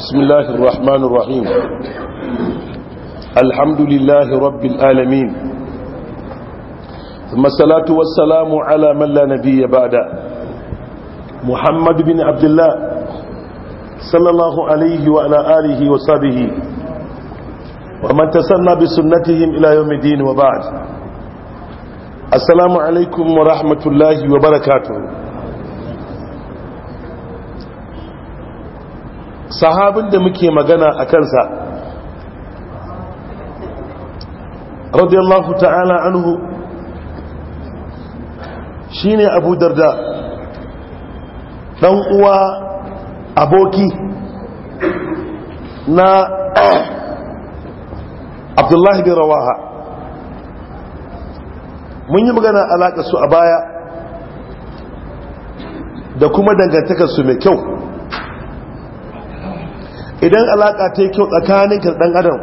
بسم الله الرحمن الرحيم الحمد لله رب العالمين ثم الصلاة والسلام على من لا نبي بعد محمد بن عبد الله صلى الله عليه وعلى آله وصحبه ومن تسنى بسنتهم إلى يوم الدين وبعد السلام عليكم ورحمة الله وبركاته sahabin da muke magana a kansa radiyallahu ta'ala anhu shine abu darda ɗan uwa aboki na abdullahi bin rawaha mun yi magana alaƙa su a baya da kuma dangantakarsu mai kyau idan alaƙa ta yi kyau tsakanin ka ɗan adam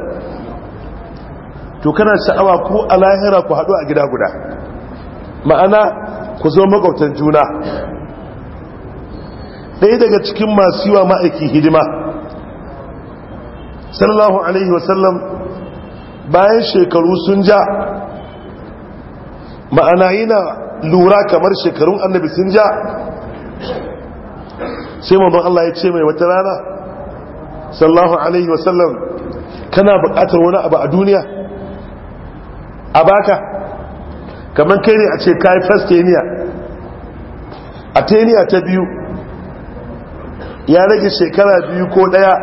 to kana sha'awa ko a lahira ku haɗu a gida guda ma'ana ku zo makwabtan juna ɗaya daga cikin masu yiwa ma'aiki hidima sallallahu alaihi wasallam bayan shekaru sun ja ma'ana yana lura kamar shekarun annabi sun ja sai mamman Allah ya ce mai wata rana sallallahu alaihi wasallam kana bukatar wani abu a duniya a baka kamar kai ne a ce kai first teniya a teniya ta biyu ya rage shekara biyu ko daya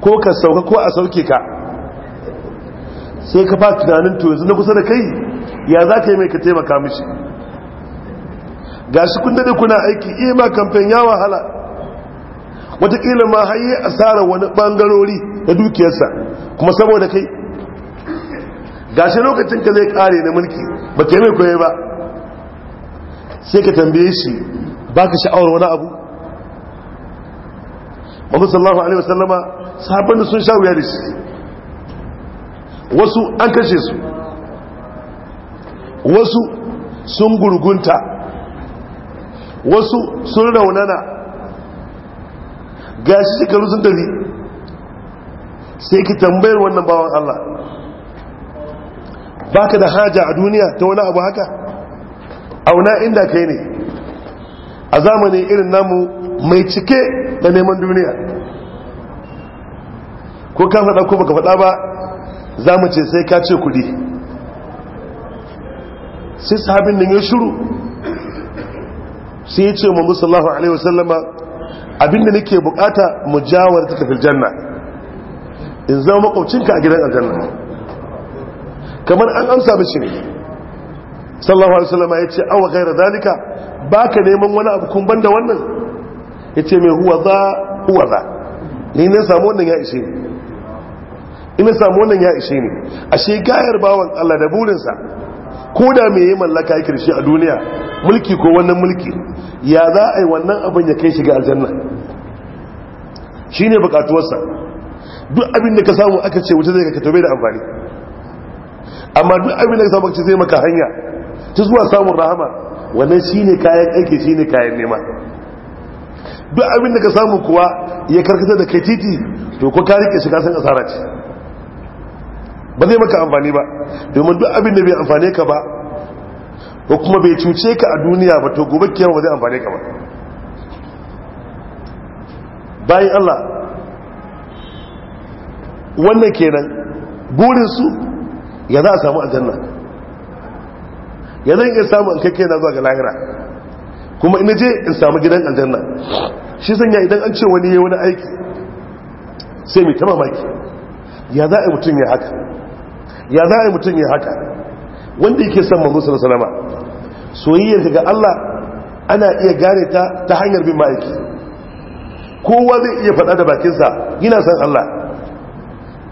ko ka sauka ko a sauke ka sai ka fa tunanin to yanzu na kusa da kai ya za ka yi mai ka taimaka mishi ga shi kun dade kuna aiki iya eh ma kamfen ya wahala watakila ma haye asarar wani bangarori da dukiyarsa kuma saboda kai gashi lokacin ka zai kare na mulki ba ke mai koya ba sai ka tambaye shi ba ka sha'awar wani abu mabu sallahu alaihi wasallama sabon da sun sha wuya da shi wasu an kashe su wasu sun gurgunta wasu sun raunana gashi shekaru sun tafi sai ki tambayar wannan bawan Allah baka da haja a duniya ta wani abu haka auna inda kai ne a zamani irin namu mai cike da neman duniya ko ka faɗa ko baka faɗa ba za mu sai ka ce kudi sai sahabin nan ya shuru sai ya ce wa musallahu alaihi wasallama abinda nake bukata jawar ta tafi janna in zama makwabcinka a gidan aljanna kamar an amsa mishi ne sallallahu alaihi wasallam ya ce awa gaira zalika baka neman wani abu kun banda wannan ya ce mai huwa za huwa za ni ne samu wannan ya ishe ni ina samu wannan ya ishe ni ashe gayar bawan Allah da burinsa Koda mai me ya mallaka ya kirshe a duniya mulki ko wannan mulki ya za a yi wannan abin ya kai shiga aljanna shi ne bukatuwarsa duk abin da ka samu aka ce wuce zai ka tobe da amfani amma duk abin da ka samu aka ce zai maka hanya ta zuwa samun rahama wannan shi ne kayan aiki shi ne kayan nema duk abin da ka samu kuwa ya karkata da kai titi to ko ka rike shi ka san asara ce ba zai maka amfani ba domin duk abin da bai amfane ka ba ko kuma bai cuce ka a duniya ba to gobe kiyar ba zai amfane ka ba bayan Allah wannan kenan burinsu ya za a samu aljanna ya zan iya samu an kakke na zuwa ga lahira kuma ina je in samu gidan aljanna shi sanya idan an ce wani ya wani aiki sai mai ta mamaki ya za a mutum ya haka ya za a mutum ya haka wanda yake son manzo sallallahu alaihi wasallam soyayyar ga Allah ana iya gane ta ta hanyar bin ma'aiki kowa zai iya faɗa da bakinsa yana san Allah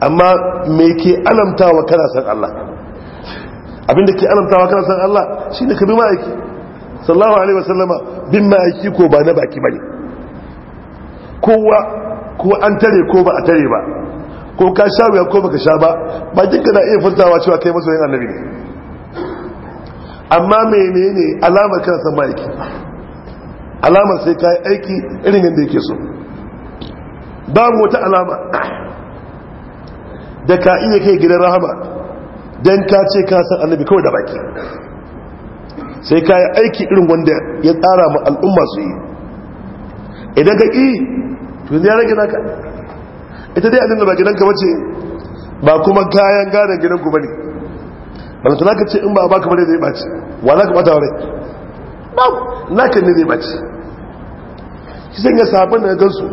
amma me ke alamtawa kana san Allah abinda ke alamtawa kana san Allah shine ka bi ma'aiki sallallahu alaihi wasallama bin ma'aiki ko ba na baki bane kowa ko an tare ko ba a tare ba ko ka sha wuya ko baka sha ba ba ka na iya furtawa cewa kai masoyin annabi ne amma menene alamar kan san maliki alamar sai ka yi aiki irin yadda yake so babu wata alama da ka iya kai gidan rahama don ka ce ka san annabi kawai da baki sai ka yi aiki irin wanda ya tsara ma al'umma su yi idan ka ƙi to ya rage naka ita dai abin da ba gidanka bace ba kuma kayan gadon gidanku bane balanta tunaka ce in ba ba kamar zai bace wa za ka bata wa rai ba naka ne zai bace shi ga sabon da gansu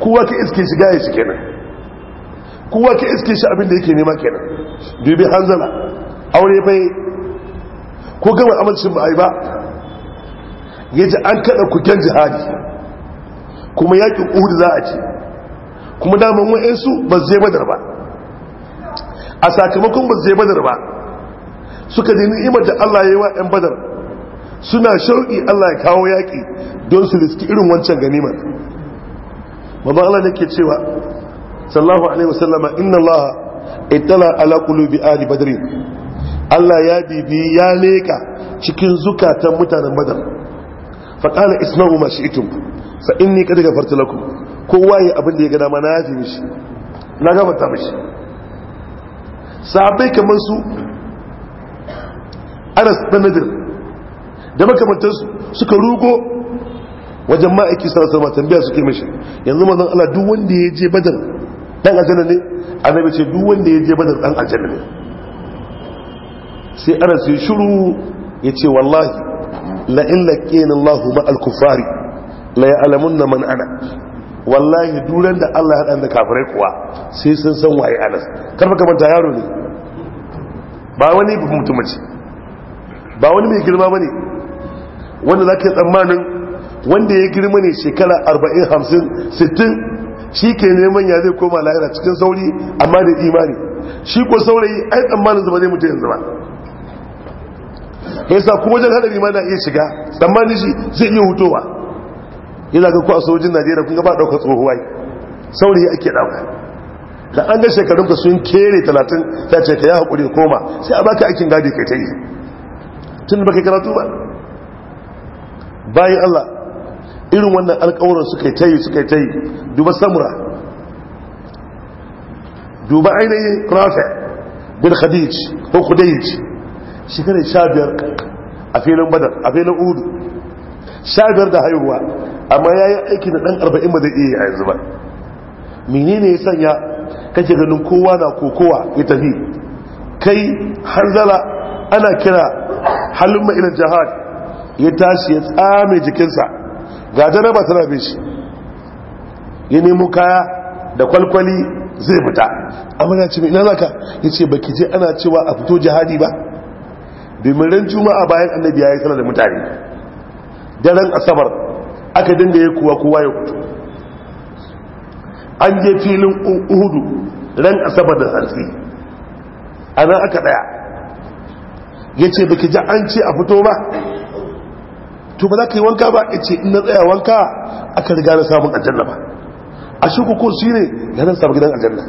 kowa ka iske shi gaya shi kenan kowa ka iske shi abin da yake nema kenan dubi hanzala aure bai ko gama amincin ba a yi ba ya ji an kaɗa kuken jihadi kuma yakin uhud za a ce kuma daman wa'insu ba zai badar ba a sakamakon ba zai badar ba suka ji ni'imar da Allah ya yi wa 'yan badar suna shauƙi Allah ya kawo yaƙi don su riski irin wancan ganimar babban Allah da ke cewa sallahu alaihi wasallama inna Allah ittala ala qulubi ali badr Allah ya bibi ya leka cikin zukatan mutanen badar fa qala isma'u ma shi'tum fa inni qad ghafartu lakum kowa yi abin da ya gada mana yafi mishi na gabata mishi sahabbai kamar su anas na nadir da makamantarsu suka rugo wajen ma'aiki sarasar ma tambaya suke mishi yanzu mazan ala duk wanda ya je badar dan aljanna ne annabi ce duk wanda ya je badar dan aljanna ne sai anas ya shiru ya ce wallahi la'in laƙinin lahu ma'al kufari la ya alamun na man ana wallahi duran da Allah ya haɗa da kafirai kuwa sai sun san waye anas karfa kamanta yaro ne ba wani mutum ce ba wani mai girma ba ne wanda za tsammanin wanda ya girma ne shekara 40 50 60 shi ke neman ya zai koma lahira cikin sauri amma da imani shi ko saurayi ai tsammanin zuba zai mutu yanzu ba yasa kuma wajen hadari ma na iya shiga tsammanin shi zai iya hutowa yana ga ku a sojin najeriya kun gaba ɗaukar tsohuwai ya ake ɗauka da an ga shekarunka sun kere talatin ta ce ka ya haƙuri koma sai a baka aikin gadi kai ta yi tun baka karatu ba bayan allah irin wannan alƙawarin suka yi ta yi suka yi ta yi duba samura duba ainihin rafi bin khadij ko khudayij shekarar sha a filin badar a filin udu shabiyar da haihuwa amma ya yi aiki da ɗan arba'in ba zai iya yi a yanzu ba menene ya sanya kake ganin kowa na kokowa ya tafi kai hanzala ana kira halin ma'ilar jihad ya tashi ya tsame jikinsa ga jaraba tana bin shi ya nemo kaya da kwalkwali zai fita amma ya ce ina zaka ya ce baki je ana cewa a fito jihadi ba bimirin juma'a bayan annabi ya yi sanar da mutane daren asabar aka dinda ya kuwa kowa ya kutu an je filin uhudu ran asabar da hantsi a nan aka daya ya ce baki ji an ce a fito ba to ba za ka yi wanka ba ya ce ina tsaya wanka aka riga na samun aljanna ba a shi kukur shi ne ya nan samu gidan aljanna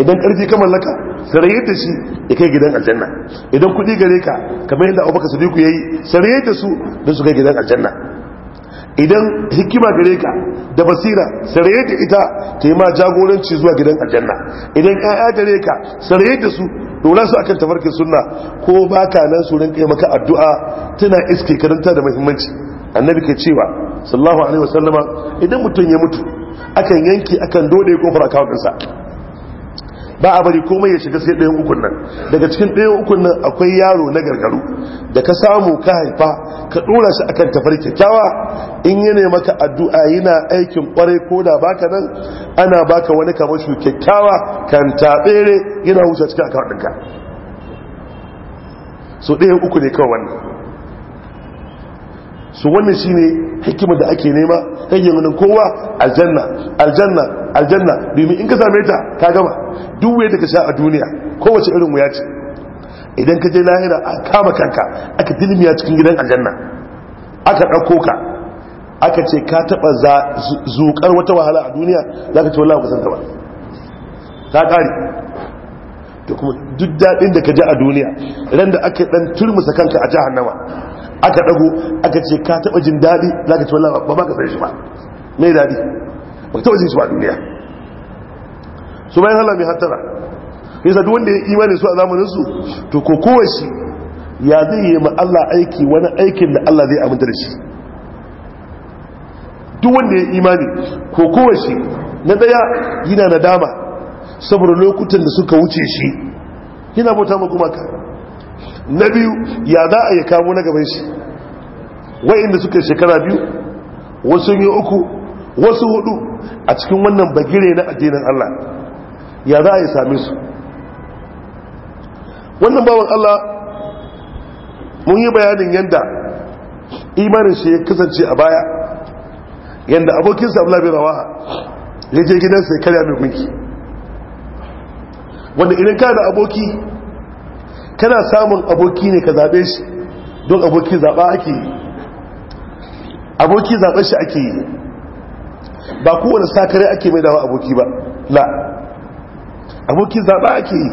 idan karfi ka mallaka sarayi da shi ya kai gidan aljanna idan kuɗi gare ka kamar yadda abubakar sadiku ya yi sarayi da su don su kai gidan aljanna idan hikima gare ka da basira saraye da ita ta yi ma jagoranci zuwa gidan aljanna idan ƴaƴa gare ka saraye da su dora su akan tafarkin sunna ko ba ka nan su rinka maka addu'a tana iske karanta da muhimmanci annabi ke cewa sallallahu alaihi wasallama idan mutum ya mutu akan yanki akan ƙofar kofar akawunsa ba a bari komai ya shiga sai ɗayan ukun nan daga cikin ɗayan ukun nan akwai yaro na gargaru da ka samu ka haifa ka ɗora shi akan tafar kyakkyawa in yi maka addu'a yana aikin ƙwarai ko da baka nan ana baka wani kamar shi kyakkyawa kan taɓere yana wuce cikin akawar ɗinka so ɗayan uku ne kawai wannan su wani shi ne hikima da ake nema hanyar wani kowa aljanna aljanna aljanna domin in ka same ta ka gama duk da ka sha a duniya kowace irin wuya ce idan ka je lahira a kama kanka aka dilmiya cikin gidan aljanna aka ɗauko ka aka ce ka taɓa zuƙar wata wahala a duniya za ka ce wala ba ta ba ta ƙari to kuma duk daɗin da ka je a duniya ran da aka ɗan turmusa kanka a jihar nama aka dago aka ce ka taba jin dadi zaka ci wallahi ba ka san shi ba mai dadi ba taba jin shi ba duniya su bayan Allah mai hattara yasa duk wanda ya imani su a zamanin su to ko kowace shi ya zai yi ma Allah aiki wani aikin da Allah zai aminta da shi duk wanda ya imani ko kowace shi na daya yana nadama saboda lokutan da suka wuce shi yana bauta ma gumaka na biyu ya za a yi kamo na gaban shi wa'inda suka shekara biyu wasu yi uku wasu hudu a cikin wannan bagire na addinin Allah ya za a yi sami su wannan bawan Allah mun yi bayanin yadda imanin shi ya kasance a baya yadda abokinsa abu labin rawa ya je gidansa ya karya mai gunki wanda idan ka da aboki kana samun aboki ne ka zaɓe shi don aboki zaɓa ake yi aboki zaɓe shi ake yi ba kowane sakare ake mai dawa aboki ba la aboki zaɓa ake yi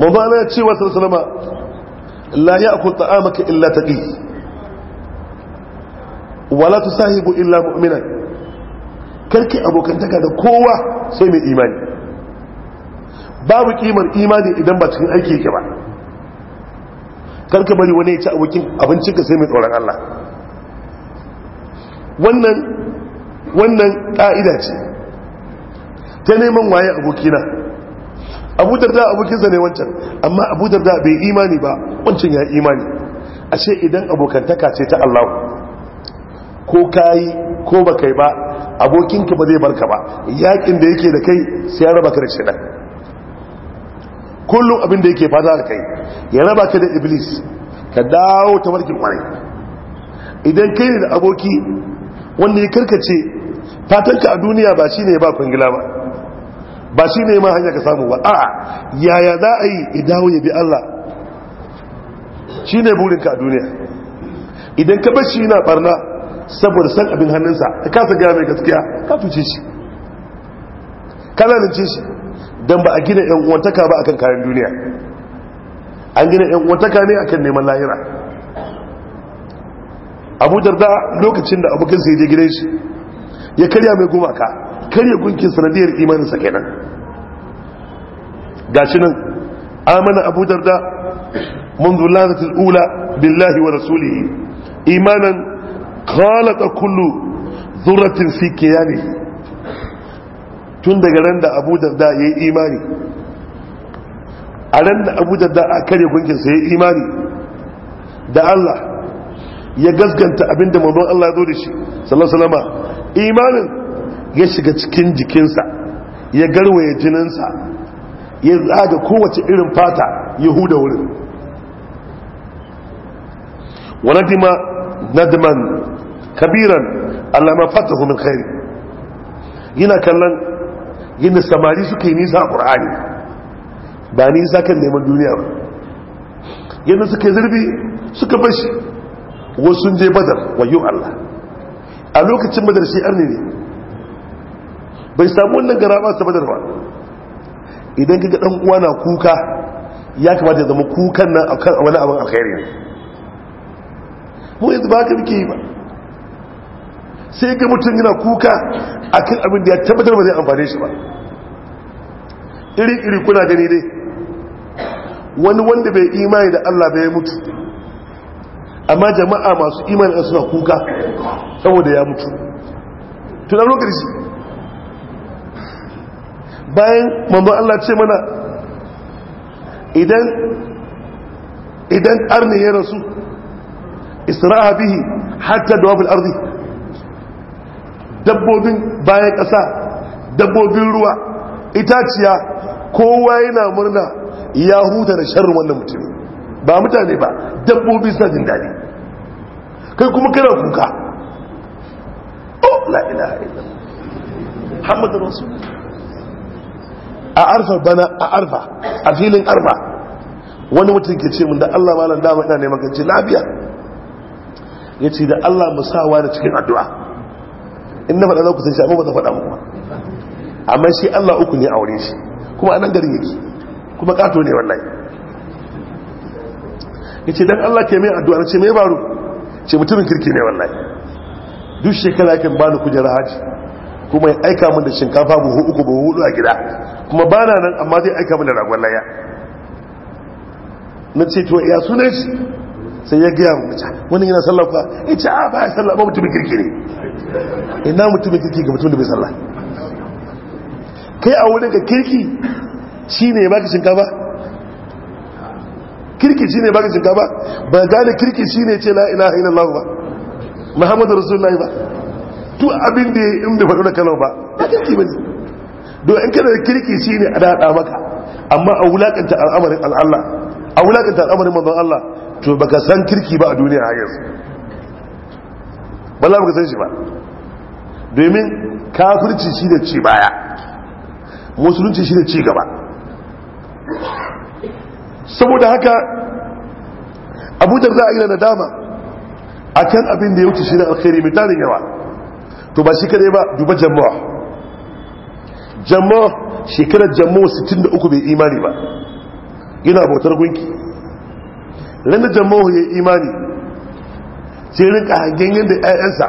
mazu ana cewa sarsalama la ya akun ta'amaka illa taƙi wala tu sahibu illa mu'minan karki abokantaka da kowa sai mai imani babu kimar imani idan ba cikin aiki yake ba karka bari wani ya ci abokin abincin ka sai mai tsoron Allah wannan wannan ka'ida ce ta neman waye abokina abu darda abokinsa ne wancan amma abu darda bai imani ba wancan ya imani ashe idan abokantaka ce ta Allah ko kayi ko ba kai ba abokinka ba zai barka ba yakin da yake da kai sai ya raba shi nan kullum abin da yake fata da kai ya raba ka da iblis ka dawo ta warkin kwarai idan kai ne da aboki wanda ya karkace fatanka a duniya ba shi ne ba kwangila ba ba shi ne ma hanya ka samu ba a yaya za a yi idawo ya bi Allah shi ne burinka a duniya idan ka bashi yana barna saboda san abin hannunsa ka kasa mai gaskiya ka tuce shi ka ce shi don ba a gina yan uwantaka ba akan kayan duniya an gina yan uwantaka ne akan neman lahira abu da lokacin da abokan sai je gidan shi ya karya mai gumaka karya gunkin sanadiyar imanin imaninsa kenan gashi nan amana abu da منذ اللحظة الأولى بالله ورسوله إيمانا خالط كل ذرة في كيانه tun daga ran da abu da ya yi imani a ran da abu da a kare gunkinsa ya yi imani da allah ya gasganta abin da manzon allah ya zo da shi sallallahu imanin ya shiga cikin jikinsa ya garwaye jininsa ya zaga kowace irin fata yahuda wurin وندم ندما كبيرا على ما فاته من yana kallon yadda samari suka yi nisa a ƙur'ani ba nisa kan neman duniya ba yadda suka zurbi suka bashi wasu je badar wayo Allah a lokacin badar shi arni ne bai samu wannan ba ta badar ba idan kaga dan uwa na kuka ya kamata ya zama kukan nan akan wani abin alkhairi ne mu yanzu ba ka muke yi ba sai ga mutum yana kuka a kan abin da ya tabbatar ba zai amfane shi ba iri-iri kuna gani dai wani wanda bai imani da allah bai mutu amma jama'a masu imani da suna kuka saboda ya mutu tunan lokaci bayan mamban allah ce mana idan idan arni ya rasu isra'a bihi hatta da wafin arzi dabbobin bayan ƙasa dabbobin ruwa itaciya kowa yana murna ya huta da sharrin wannan mutum ba mutane ba dabbobi sa jin daɗi kai kuma kana kuka oh la ilaha illa muhammadur rasul a arfa bana a arfa a filin arfa wani mutum ke ce mun da Allah malam da ina neman kan ce lafiya yace da Allah musawa da cikin addu'a in na faɗa za ku san shi amma ba zan faɗa muku amma shi Allah uku ne a wurin shi kuma a nan garin yake kuma kato ne wallahi yace dan Allah ke mai addu'a ce mai baro ce mutumin kirki ne wallahi duk shekara ba bani kujera haji kuma ya aika min da shinkafa buhu uku buhu hudu a gida kuma bana nan amma zai aika min da ragon laya na ce to ya sunan shi sai ya gaya mace wani yana sallafa in ya ce ah, a ba ya sallah mutumin kirkiri ina mutumin kirki ga mutumin da bai sallafa kai a wurin ka kirki shi ne ya baka shinkafa kirki shi ne ya baka shinkafa ba gane kirki shi ne ce la'ina hainan illallah ba muhammadu rasulullahi ba tu abin da yi bai faɗo da kalau ba ba kirki ba ne don in kada da kirki shi ne a daɗa maka amma a wulaƙanta al'amarin al'allah a wulaƙanta al'amarin manzon Allah to baka san kirki ba a duniya a yanzu ba baka san shi ba domin kafirci shi da ci baya musulunci shi da ci gaba saboda haka abu za a yi na nadama a kan abin da ya wuce shi da alkhairi mai tarin yawa to ba shi kadai ba duba jama'a jama'a shekarar jama'a 63 bai imani ba yana bautar gunki ranar jama'a ya imani ce rinka hangen yadda 'ya'yansa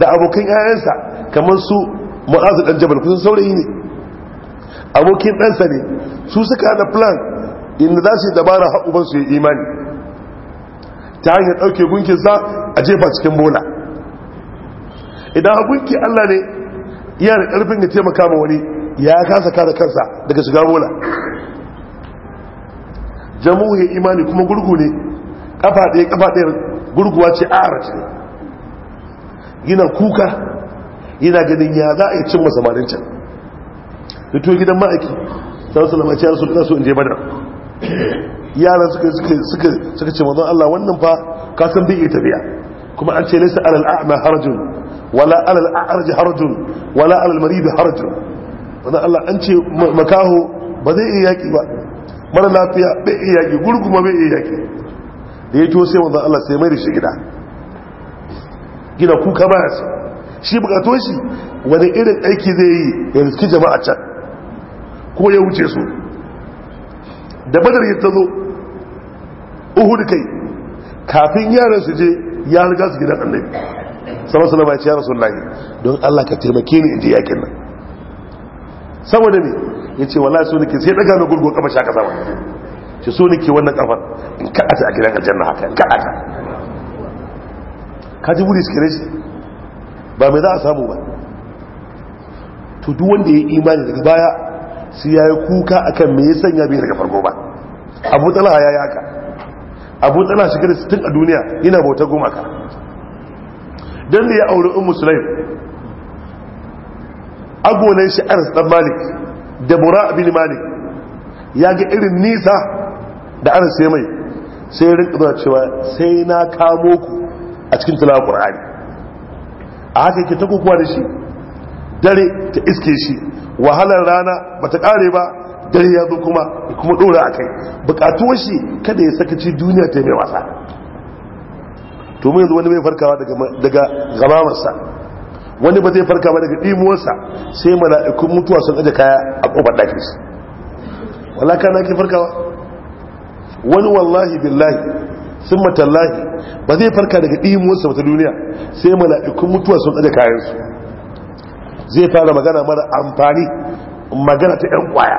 da abokan 'ya'yansa kamar su ma'azu ɗan jabal kusan saurayi ne abokin ɗansa ne su suka da plan inda za su yi dabara su ya imani ta hanyar ɗauke sa a jefa cikin bola idan gunki allah ne yana da ƙarfin ya taimaka ma wani ya kasa kada kansa daga shiga bola jamuhi imani kuma gurgu ne kafa ɗaya kafa ɗaya gurguwa ce arat ne yana kuka yana ganin ya za a yi cin masamarin can fito gidan ma'aiki sau salama ce yarsu kasu in je badar yaran suka ce mazan allah wannan fa kasan bai ita biya? kuma an ce laisa alal a'ma harajun wala alal a'raj harajun wala alal marid harajun Wannan Allah an ce makaho ba zai iya yaki ba mara lafiya bai iya yaki gurguma bai iya yaki da ya to sai manzan Allah sai mai da shi gida gina kuka ba su shi bukato shi wani irin aiki zai yi ya riski jama'a can ko ya wuce su da badar ya tazo uhud kai kafin yaran su je ya riga su gidan annabi sama alaihi wasallam ya ce ya don Allah ka taimake ni in je yakin nan saboda ne ya ce wallahi so nake sai daga na gurgun kafa shaka sama shi so nake wannan kafar in kaɗa ta a gidan aljanna haka in kaɗa ta kaji buri suke rashi ba mai za a samu ba to duk wanda ya yi imani daga baya sai ya yi kuka akan me ya sanya bai daga farko ba abu tsala ya yi haka abu tsala shi da sittin a duniya yana bauta gumaka don da ya auri 'un musulai agonan shi anas malik da mura bin malik ya ga irin nisa da ana sai mai sai rinka zuwa cewa sai na kamo ku a cikin tilawa qur'ani a haka yake ta kukuwa da shi dare ta iske shi wahalar rana ba ta kare ba dare ya zo kuma kuma a kai bukatuwar shi kada ya saka sakaci duniya ta mai wasa to mai zuwa wani mai farkawa daga daga wani ba zai farka ba daga ɗimuwarsa sai mala'ikun mutuwa sun aje kaya a ƙofar ɗakin shi wallaka na ke farkawa wani wallahi billahi sun matallahi ba zai farka daga ɗimuwarsa wata duniya sai mala'ikun mutuwa sun aje su. zai fara magana mara amfani magana ta ‘yan kwaya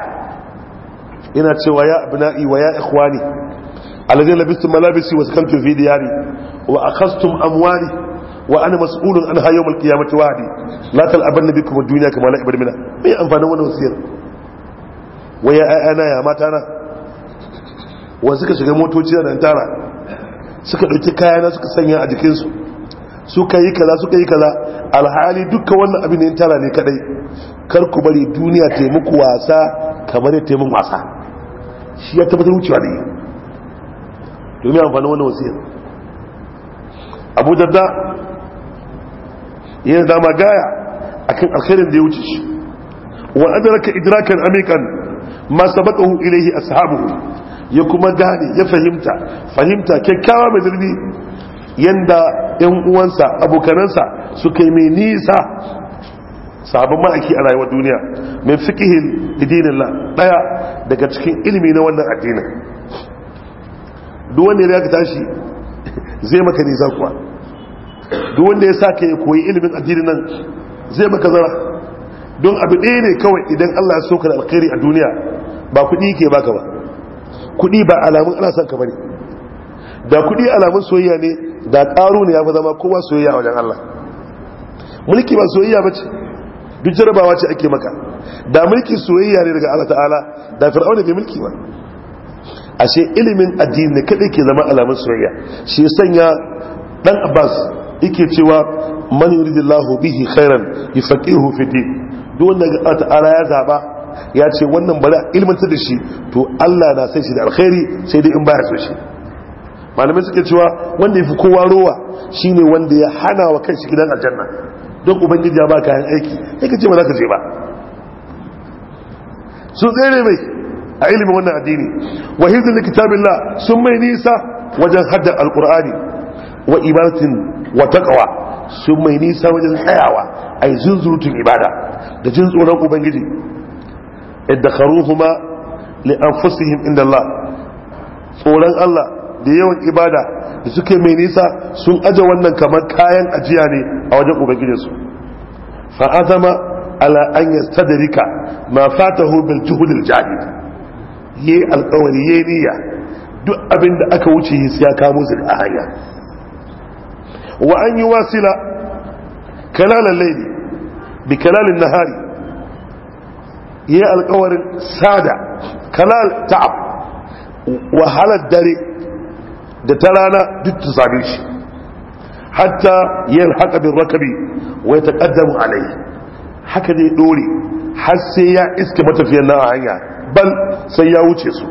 ina cewa ya abina'i wa ya ikhwani alladhi labistum malabisi wa sakantum fi diyari wa akhastum amwali wa ana mas'ulun an hayo mal qiyamati wahdi la tal aban nabikum ad-dunya kama la ibar mina me amfanin wannan wasiyar ya ayana ya mata na wa suka shiga motoci da tara suka dauki kaya na suka sanya a jikin su suka yi kaza suka yi kaza alhali dukkan wannan abin ne tara ne kadai kar ku bari duniya ta muku wasa kamar ta muku wasa shi ya tabbatar wucewa ne domin amfanin wannan wasiyar abu darda yana dama gaya kan alkhairin da ya wuce shi wa adraka idrakan amikan ma sabaqahu a ashabuhu ya kuma gane ya fahimta fahimta kyakkyawa mai zurbi yanda yan uwansa abokanansa suka yi mai nisa sabon ma'aiki a rayuwar duniya mai fikihin idinin la daya daga cikin ilimi na wannan addinin duk wanda ya tashi zai maka nisa kuwa duk wanda ya sa ka ya koyi ilimin addini nan zai maka zara don abu ɗaya ne kawai idan Allah ya soka da alkhairi a duniya ba kuɗi ke baka ba kuɗi ba alamun ana son ka bane da kuɗi alamun soyayya ne da ƙaru ne ya fi zama kowa soyayya a wajen Allah mulki ba soyayya ba ce duk jarabawa ce ake maka da mulki soyayya ne daga Allah ta'ala da fir'auna bai mulki ba ashe ilimin addini ne kadai ke zama alamun soyayya shi sanya dan Abbas yake cewa man yuridillahu bihi khairan yufaqihu fi din duk wanda ta'ala ya zaba ya ce wannan bari ilmanta da shi to Allah na sai shi da alkhairi sai dai in baya so shi malamai suke cewa wanda ya fi kowa rowa shine wanda ya hana wa kansa gidan aljanna don ubangiji ya baka kayan aiki sai ka ce ba za ka je ba su tsere mai a ilimin wannan addini wa kitabin kitabillah sun mai nisa wajen hadda alkur'ani wa ibadatin wa taqwa sun mai nisa wajen tsayawa ai zunzurutun ibada da jin tsoron ubangiji idakharuhuma li anfusihim inda Allah tsoron Allah da yawan ibada da suke mai nisa sun aje wannan kamar kayan ajiya ne a wajen ubangijinsu fa azama ala an yastadrika ma fatahu bil juhud al jahid yi alƙawari yi niyya duk abin da aka wuce yi ya kamo su a hanya wa an yi wasila kalalan laili bi kalalin nahari yi alkawarin sada kalal ta'ab wahalar dare da ta rana duk ta same shi hatta yin haka bin rakabi wai ta ƙaddamu alai haka ne dore har sai ya iske matafiyan na hanya bal sai ya wuce su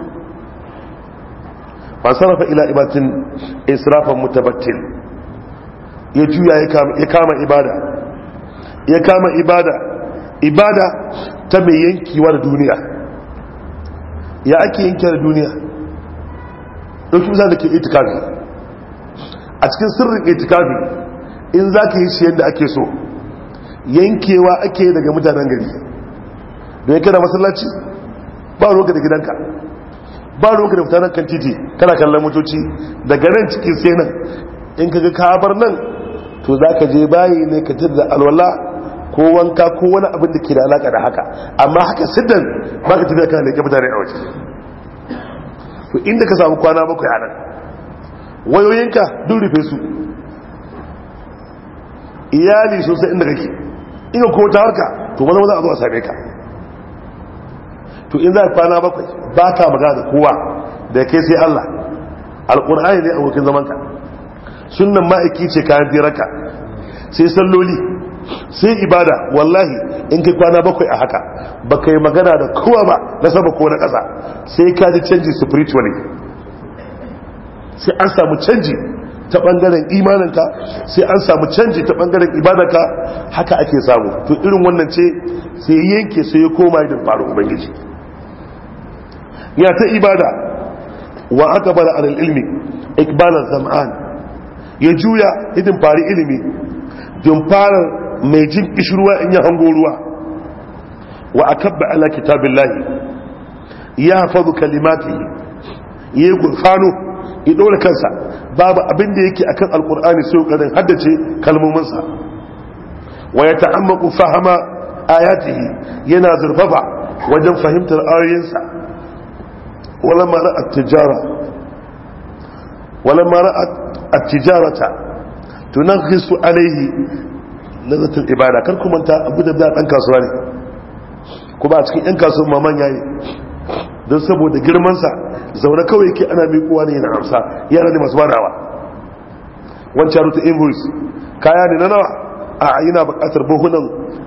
sarrafa ila ibatin israfan mutabattin ya juya ya kama ibada ya kama ibada ibada ta mai yankewa da duniya ya ake yankewa da duniya ɗauki misali da ke itikafi a cikin sirrin itikafi in za ka yi shi yadda ake so yankewa ake daga mutanen gari da ya da masallaci ba roka da gidanka ba roka da fitanen kan titi kana kallon motoci daga nan cikin sai nan in ka ga kabar nan to za ka je bayi ne ka da alwala ko wanka ko wani abin da ke da alaƙa da haka amma haka siddan ba ka tafiya kan leƙe mutane a waje to inda ka samu kwana bakwai a nan wayoyinka duk rufe su iyali sosai inda kake ina ko ta harka to wani wani a zo a same ka to in za a kwana bakwai ba ka magana da kowa da kai sai Allah alƙur'ani ne abokin zamanka Sunan ma'aiki ce kayan firaka sai salloli sai ibada wallahi in kai kwana bakwai a haka ba kai magana da kowa ba na sama ko na ƙasa sai ka ji canji spiritually sai an samu canji ta ɓangaren imaninka sai an samu canji ta ɓangaren ibadarka haka ake samu to irin wannan ce sai yanke sai ya koma da faru ubangiji ya ta ibada wa aka bala alal ilmi ikbalan zam'an ya juya idin fari ilimi din fara mai jin kishirwa in yi hango ruwa wa akabba ala kitabillahi ya kalimati ya yi gurfano ya ɗora kansa babu abin da yake a akan alkur'ani sai ƙarin haddace kalmominsa wa ya ta'ammaku fahama ayatihi yana zurfafa wajen fahimtar ayoyinsa Wala ra'at tijara To tijarata tunaghisu alaihi nazatul ibada kar kuma ta abu da dan kasuwa ne kuma a cikin yan kasuwa ma manya ne don saboda girman sa zaune kawai yake ana miƙuwa ne na amsa yana da masu banawa wancan rutu invoice kaya ne na nawa a yana bukatar buhunan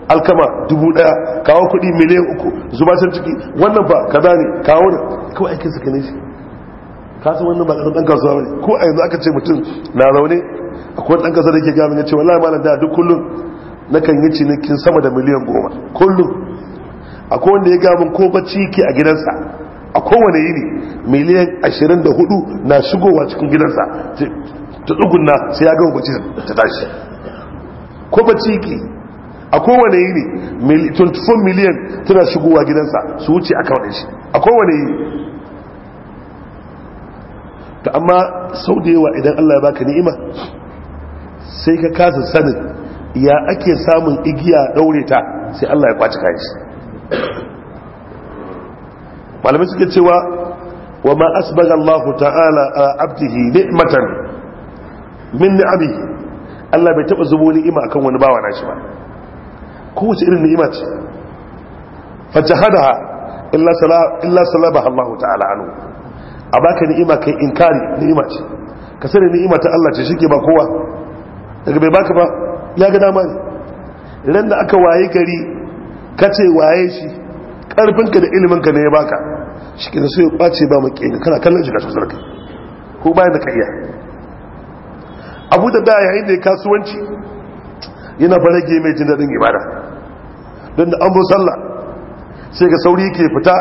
alkama dubu daya kawo kuɗi miliyan uku zuba can ciki wannan ba kaza ne kawo ne kawai aikin ka ne shi kasu wannan ba ɗan kasuwa ne ko a yanzu aka ce mutum na raune akwai ɗan kasuwa da ke gami ya ce wallahi malam da duk kullum na kan yi cinikin sama da miliyan goma kullum akwai wanda ya gami ko bacci yake a gidansa a kowane yini miliyan ashirin da hudu na shigowa cikin gidansa ta tsugunna sai ya gama bacci ta tashi ko bacci yake a kowane yini 24 miliyan tana shigowa gidansa su wuce a kawai shi a kowane yini ta amma sau da yawa idan Allah ya baka ni'ima sai ka kasa sanin ya ake samun igiya daure ta sai Allah ya kwaci kayan shi malamai suke cewa wa ma asbaga Allah ta'ala a abdihi ni'matan min ni'abi Allah bai taba zubo ni'ima akan wani bawa na shi ba kowace irin ni'ima ce fajahadaha illa salabaha Allah ta'ala anhu a baka ni'ima kai inkari ni'ima ce ka sani ni'ima ta Allah ce shike ba kowa daga bai baka ba ya ga dama ne idan da aka waye gari ka ce waye shi karfinka da iliminka ne ya baka shi ke so ya kwace ba maki ne kana kallon shiga sosar kai ko bayan da ka iya abu da da yayin da kasuwanci yana farage mai jin dadin ibada don da an bu sallah sai ga sauri ke fita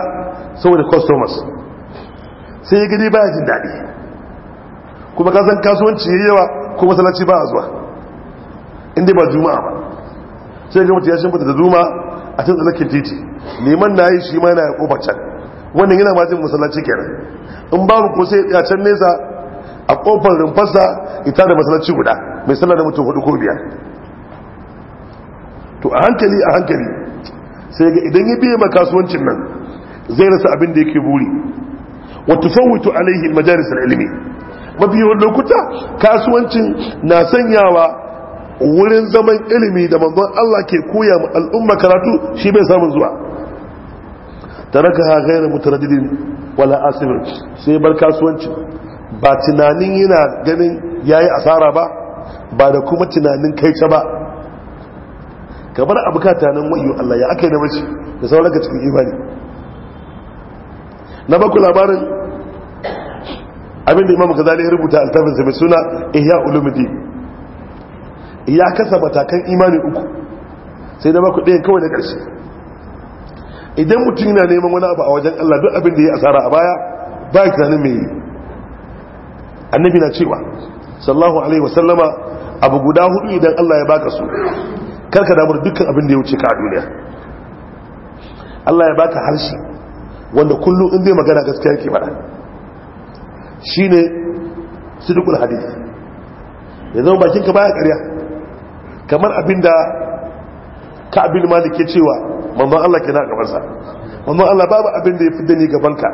saboda customers sai ya gani baya jin daɗi kuma ka san kasuwanci ya yawa ko masallaci ba a zuwa inda ba juma'a ba sai ga mutum ya shimfata da juma'a a can tsallakin titi neman na yi shi ma yana ya ƙofa can wannan yana ma jin masallaci kenan in babu ko sai ya can nesa a ƙofar rumfarsa ita da masalaci guda mai sallar da mutum hudu ko biyar to a hankali a hankali sai ga idan ya biya ma kasuwancin nan zai rasa abin da yake buri wa tufawwitu alaihi majalis ilimi, mafi yawan lokuta kasuwancin na sanyawa wurin zaman ilimi da manzon Allah ke koya ma al'umma karatu shi bai samun zuwa taraka ha gaira mutaraddidin wala asibir sai bar kasuwanci ba tunanin yana ganin yayi asara ba ba da kuma tunanin kai ta ba kamar abu ka tunanin wayo Allah ya akai da mace da sauran cikin imani na baku labarin abinda Imam imamu gazali rubuta altafinsa mai suna ihya ulumidi ya kasa matakan imani uku sai na baku ɗayan kawai na ƙarshe idan mutum yana neman wani abu a wajen allah duk abin da ya asara a baya ba ya tunanin mai yi annabi na cewa sallahu alaihi wasallama abu guda hudu idan allah ya baka su karka damar dukkan abin da ya wuce ka a duniya allah ya baka harshe wanda kullum in zai magana gaskiya ke faɗa shi ne sidikul hadith ya zama ka baya ƙarya kamar abin da ka abin malik ya cewa mamman allah ke na gabansa mamman allah babu abin da ya fi dani gabanka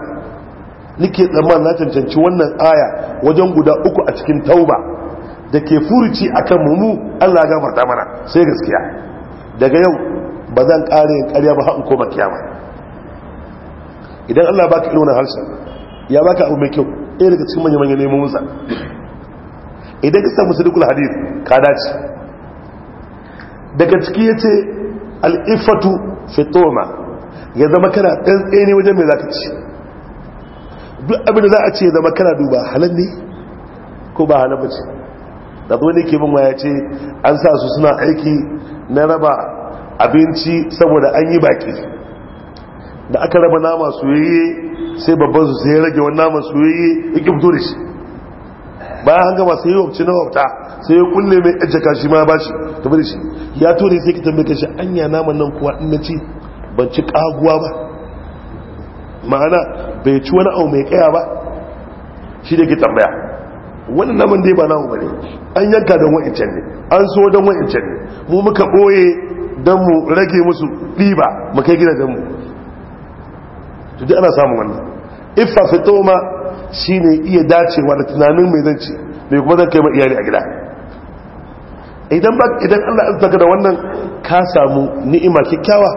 nike tsammanin na cancanci wannan aya wajen guda uku a cikin tauba da ke furuci akan mu allah gafarta mana sai gaskiya daga yau ba zan ƙare yin ƙarya ba haɗin koma kiyama idan Allah baka ka wannan harshen ya ka abu mai kyau ɗaya daga cikin manya-manya neman musa idan ka samu sadikul hadith ka dace daga ciki ya ce al'ifatu fitoma ya zama kana ɗan ne wajen mai za ka ci duk abin da za a ce ya zama kana duba halar ne ko ba halar bace da zuwa ne ke bin waya ce an sa su suna aiki na raba abinci saboda an yi baki da aka raba nama soyayye sai babban su sai rage wani naman soyayye ya ƙi fito da shi bayan hanga ba sai yi wabci na wabta sai ya kulle mai ajaka shi ma ba shi tafi da shi ya tore sai ki tambaye shi anya naman nan kuwa in na ci ban ci kaguwa ba ma'ana bai ci wani abu mai kaya ba shi da ke tambaya wani naman dai ba na ba ne an yanka don can ne an so don can ne mu muka ɓoye don mu rage musu ɗiba mu kai gidajen mu to dai ana samun wannan iffa fitoma shine iya dacewa da tunanin mai zance mai kuma zan kai ma iyali a gida idan ba idan Allah ya tsaka da wannan ka samu ni'ima kikkiawa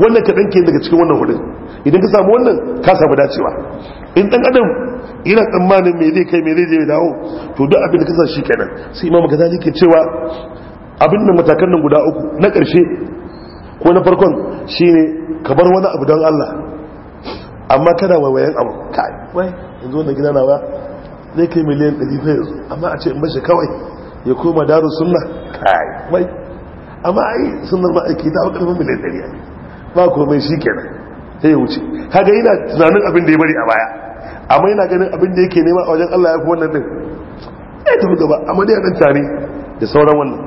wannan ka danke daga cikin wannan hudin idan ka samu wannan ka samu dacewa in dan adam yana tsammanin me zai kai me zai je dawo to duk abin da ka san shi kenan sai imamu gazali ke cewa abin nan matakan nan guda uku na ƙarshe ko na farkon shi ka bar wani abu don Allah amma kana waiwayen abu kai wai yanzu wannan gida nawa zai kai miliyan 100 fa yanzu amma a ce in bashi kawai ya koma daru sunna kai wai amma ai sunnar ba aiki ta karfin miliyan 100 ba komai kenan. sai ya wuce kaga yana tunanin abin da ya bari a baya amma yana ganin abin da yake nema a wajen Allah ya fi wannan din ya tafi gaba amma dai a nan tare da sauran wannan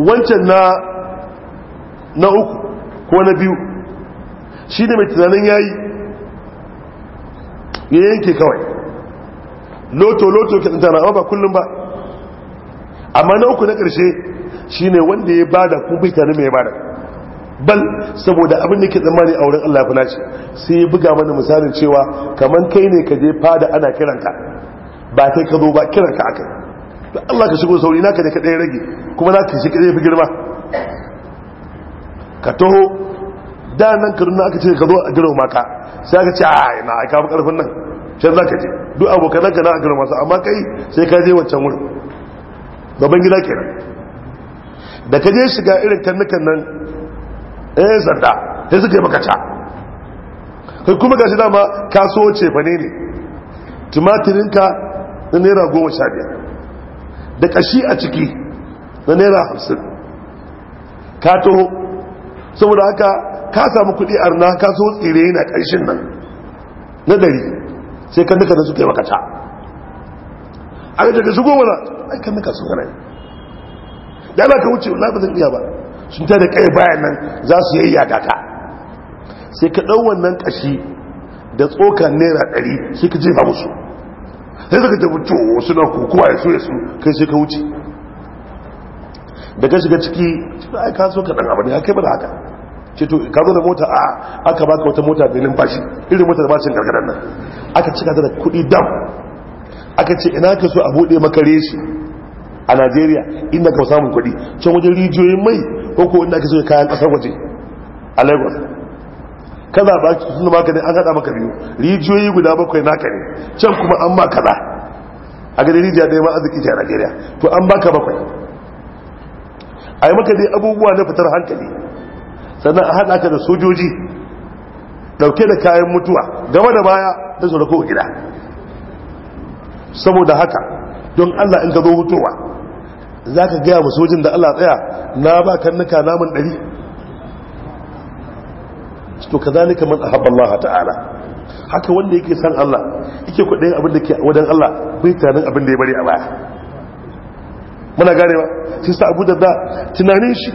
wancan na na uku ko na biyu shi ne mai tunanin ya yi ya yanke kawai loto-loto ke tsantara ba kullum ba amma na uku na ƙarshe shi ne wanda ya bada ko bai tare mai bada bal saboda abin da ke tsammani a wurin Allah ya fina sai ya buga mana misalin cewa kamar kai ne ka je fada ana kiranka ba kai ka zo ba kiranka akai Allah ka shigo sauri naka da ka ɗaya rage kuma naka shi ka zai fi girma ka taho da nan kaduna aka ce ka zo a garo maka sai aka ce a ah, ina a kafa karfin nan sai za ka je duk abokanan ka na a garo masu amma kai sai ka je wancan wurin gaban gida kenan da ka je shiga irin kannukan nan eh sanda sai suka yi maka ca kai kuma gashi dama so ce fa ne ne tumatirinka na naira goma sha biyar da kashi a ciki na naira hamsin ka taho saboda haka ka samu kuɗi arna ka so tsire yana ƙarshen nan na dari sai kan nika da suka yi makata a yadda da shigo wana, ai kan nika sun ganayi da ba ka wuce wala ba zan iya ba sun ta da kai bayan nan za su yayi ga ka sai ka dau wannan ƙashi da tsokan naira ɗari sai ka jefa musu sai suka tafi to suna kokowa ya so ya su kai sai ka wuce da ka shiga ciki cikin ai so ka dan abin ya kai bada haka ce to ka zo da mota a aka baka wata mota mai numfashi irin mota da bashin gargaran nan aka cika da kuɗi dam aka ce ina ka so a bude maka reshi a najeriya inda ka samu kuɗi can wajen rijiyoyin mai ko ko inda ka so kayan ƙasar waje a lagos kaza ba ki suna maka ne an hada maka biyu rijiyoyi guda bakwai naka ne can kuma an ma kaza a gari rijiya da ma arziki ta Najeriya to an baka bakwai a maka dai abubuwa na fitar hankali sannan a haɗa ka da sojoji ɗauke da kayan mutuwa gaba da baya da su rako gida saboda haka don allah in ka zo hutowa za ka gaya wa sojin da allah tsaya na ba kan nika namun ɗari to ka zalika man a Allah ta'ala haka wanda yake san allah yake kudin abin da ke wajen allah bai tanin abin da ya bari a baya muna ganewa sai sa abu da da tunanin shi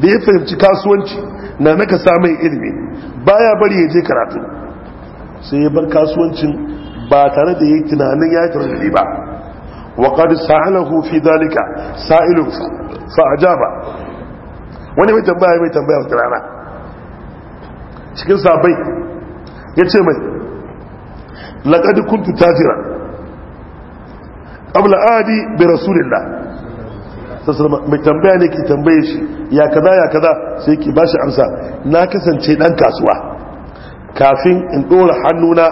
da ya fahimci kasuwanci na naka samun ilimi baya bari ya je karatu sai ya bar kasuwancin ba tare da ya yi tunanin ya yi tunanin ba wa kadu sa'alahu fi dalika sa'ilun fa'aja ba. wani mai tambaya mai tambaya wata rana cikin sabai ya ce mai laƙadi kuntu tajira ƙabla adi bi rasulillah mai tambaya ne ki tambaye shi ya kada ya kada sai ki bashi amsa na kasance dan kasuwa kafin in dora hannuna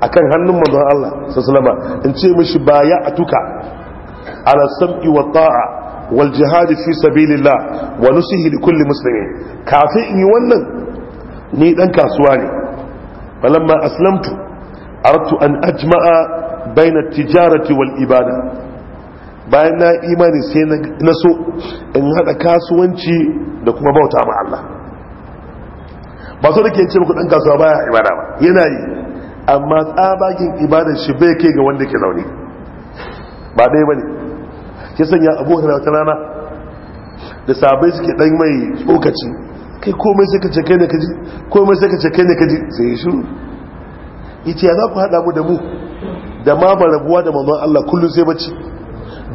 akan hannun manzon Allah sallallahu in ce mishi baya tuka ala sam'i wa ta'a wal jihadi fi sabilillah wa nusihi li kulli muslimin kafin in yi wannan ni dan kasuwa ne falamma aslamtu aradtu an ajma'a bayna tijarati wal ibada bayan na imani sai na so in hada kasuwanci da kuma bauta ma Allah ba so da ke ce muku dan kasuwa baya ibada ba yana yi amma tsabagen ibadar shi bai kai ga wanda ke zaune ba dai ne. ke sanya abu hana wata rana da sabai suke dan mai tsokaci kai komai sai ka ce kai ne kaji komai sai ka ce kai ne kaji sai ya shiru yace ya za ku hada mu da mu da ma ba rabuwa da manzon Allah kullum sai bacci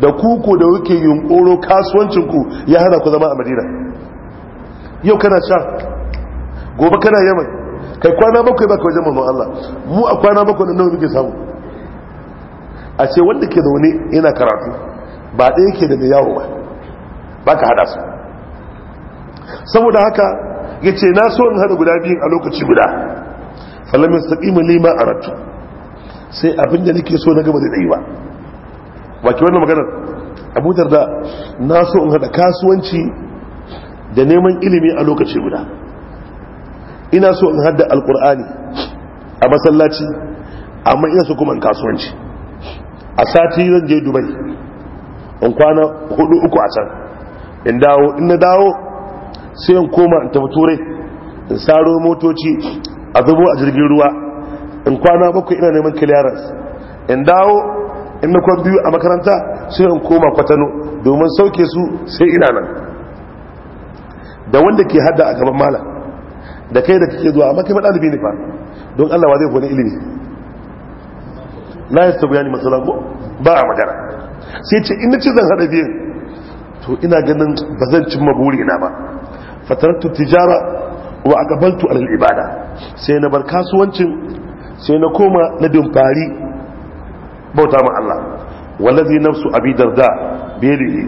da kuku da wuke yunkoro kasuwancinku ya hana ku zama a madina yau kana sha. gobe kana yaman kai kwana bakwai baka wajen mamman Allah mu a kwana bakwai da nawa muke samu a ce wanda ke zaune yana karatu ba ɗaya ke da mai yawo ba ba ka hada su saboda haka ya ce na so in hada guda biyun a lokaci guda falamin saƙi mu lima a ratu sai abin da nake so na gaba da ɗaya ba baki ke wannan maganar abu da na so in haɗa kasuwanci da neman ilimi a lokaci guda ina so in hadda alkur'ani a masallaci amma ina so kuma in kasuwanci a sati zan je dubai in kwana hudu uku a can in dawo in na dawo sai in koma in tafi turai in saro motoci a zubo a jirgin ruwa in kwana bakwai ina neman clearance in dawo in na biyu a makaranta sai in koma kwatano domin sauke su sai ina nan da wanda ke hada a gaban malam da kai da kake zuwa amma kai madalibi ne fa don Allah wa zai kone ilimi Na yasta bayani masala ko ba a magana sai ce in ce zan hada biyan to ina ganin ba zan cimma buri ba fataratu tijara wa akabaltu alal ibada sai na bar kasuwancin sai na koma na dumfari bauta ma Allah wallazi nafsu abi darda biyadihi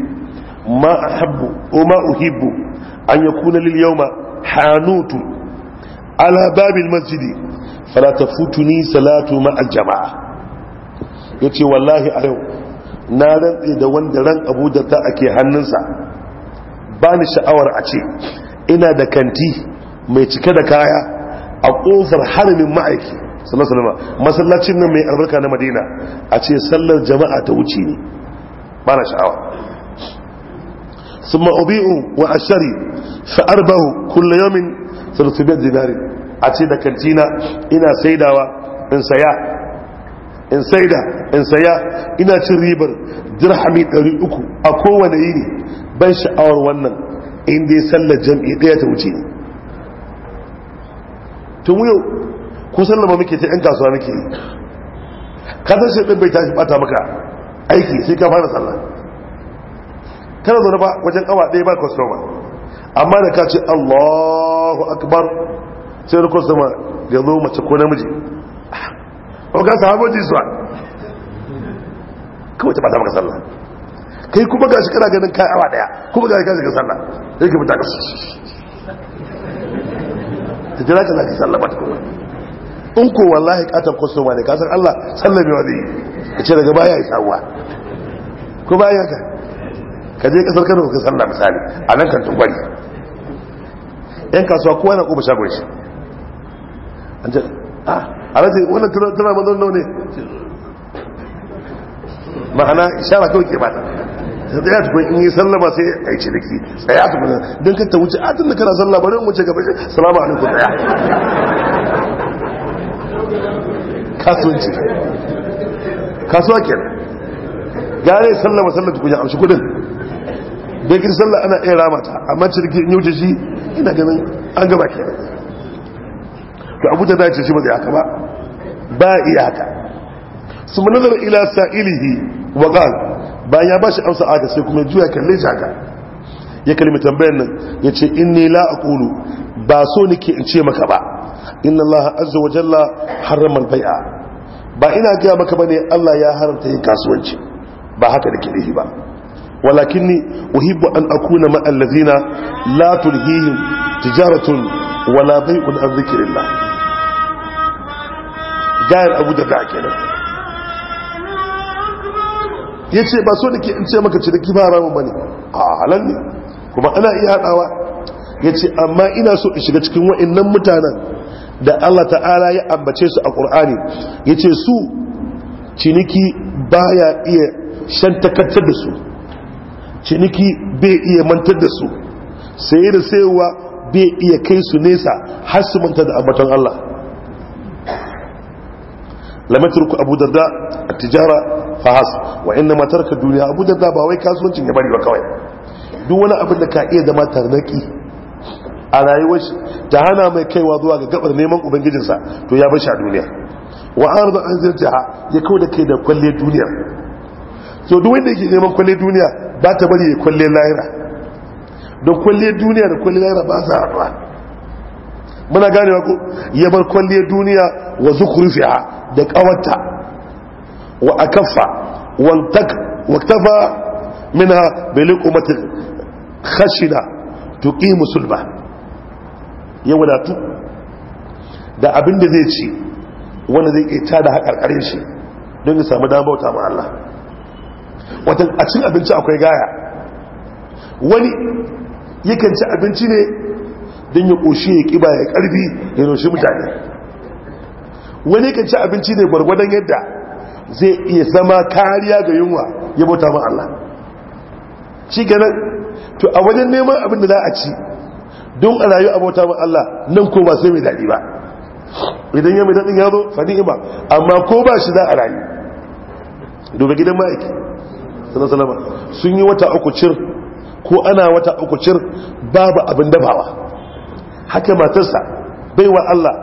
ma ahabbu wa ma uhibbu an yakuna lil yawma hanutu ala masjidi fala tafutuni salatu ma al jama'a yace wallahi a yau na rantsi da wanda ran abu da ta ake hannunsa ba ni sha'awar a ce ina da kanti mai cike da kaya a kofar harumin ma'aiki sallallahu alaihi masallacin nan mai albarka na madina a ce sallar jama'a ta wuce ne ba na sha'awa summa ubi'u wa ashari fa arbahu kullu yawmin thalathiyat dinari a ce da kantina ina saidawa in saya in saida in saya ina cin ribar dirhami 300 a kowane yini ban sha'awar wannan in ya sallar jam'i ɗaya ta wuce ne tun yau ko sallama muke ta yan kasuwa muke yi kasar shaɗin bai tashi bata maka aiki sai ka fara sallah kana zaune ba wajen awa ɗaya ba kwastoma amma da ka ce allahu akbar sai wani kwastoma ya zo mace ko namiji ba ka sahaboji zuwa kawai ta bata maka sallah kai kuma gashi kana ganin kai awa daya kuma gashi gashi ga sallah sai ka fita ka su ta jira ka sallah ba ta kuma in ko wallahi katar kwastoma da kasar allah sallamewa yi. a ce daga baya ya samuwa ko baya ka ka je kasar kano ka sallah misali a nan kantin gwari yan kasuwa kowa na kuma shagon shi an ce a ah, rasa wannan tana mazan nau ne ma'ana shara kawai ke bata tsaya tukun in yi sallama sai a yi ciniki tsaya tukun don kanta wuce a ah, tun da kana sallama don wuce gaba shi salama alaikum tsaya kasuwanci kasuwa kenan gare sallah masallar ku ya amshi kudin bai kiri sallah ana iya ramata amma cikin in yauce shi ina ganin an gaba kenan to abuja ta ce shi ba zai haka ba ba iya haka su manazar ila sa'ilihi wa gal ba ya bashi amsa aka sai kuma juya kalle shi haka ya kalmi tambayar nan ya ce inni la ba so nake in ce maka ba inna Allah azza wa jalla harrama al-bai'a ba ina ga maka bane Allah ya haramta yin kasuwanci ba haka da kidihi ba walakinni uhibbu an akuna ma allazina la tulhihim tijaratun wala bai'un an dhikrillah gayar abu da kenan yace ba so da in ce maka ciniki ba ramu bane a halal ne kuma ana iya hadawa yace amma ina so in shiga cikin wa'annan mutanen da Allah ta'ala ya ambace su a ya ce su ciniki baya iya shantakantar da su ciniki bai iya mantar da su Sai da sayowa bai iya kai su nesa har su manta da ambaton Allah lam abu darda a tijara fahas wa matar taraka dunya abu darda ba wai kasuwancin ya bari ba kawai duk wani abin da ka iya zama tarnaki a rayuwar shi ta hana mai kaiwa zuwa ga gabar neman ubangijinsa to ya bashi a duniya wa arda an zirtaha ya kawo da kai da kwalle duniya to duk wanda yake neman kwalle duniya ba ta bari ya kwalle lahira don kwalle duniya da kwalle lahira ba sa haɗuwa muna gane ku ya bar kwalle duniya wa zukurfiya da kawarta wa akaffa wa tafa mina belin liqumatin khashina tuki musulman ya wadatu da abin da zai ci wanda zai iya tada haƙarƙarin shi don ya samu damar bauta ma Allah watan a cin abinci akwai gaya wani yakan ci abinci ne don ya ƙoshi ya ƙiba ya ƙarfi ya noshi mutane wani yakan ci abinci ne gwargwadon yadda zai iya zama kariya ga yunwa ya bauta ma Allah shi ganin to a wajen neman abin da za a ci don a rayu abota ma Allah nan ko ba sai mai daɗi ba idan ya mai daɗin ya zo ba amma ko ba shi za a rayu daga gidan ma'aiki salama sun yi wata uku cir ko ana wata uku cir babu abin dafawa haka matarsa bai wa Allah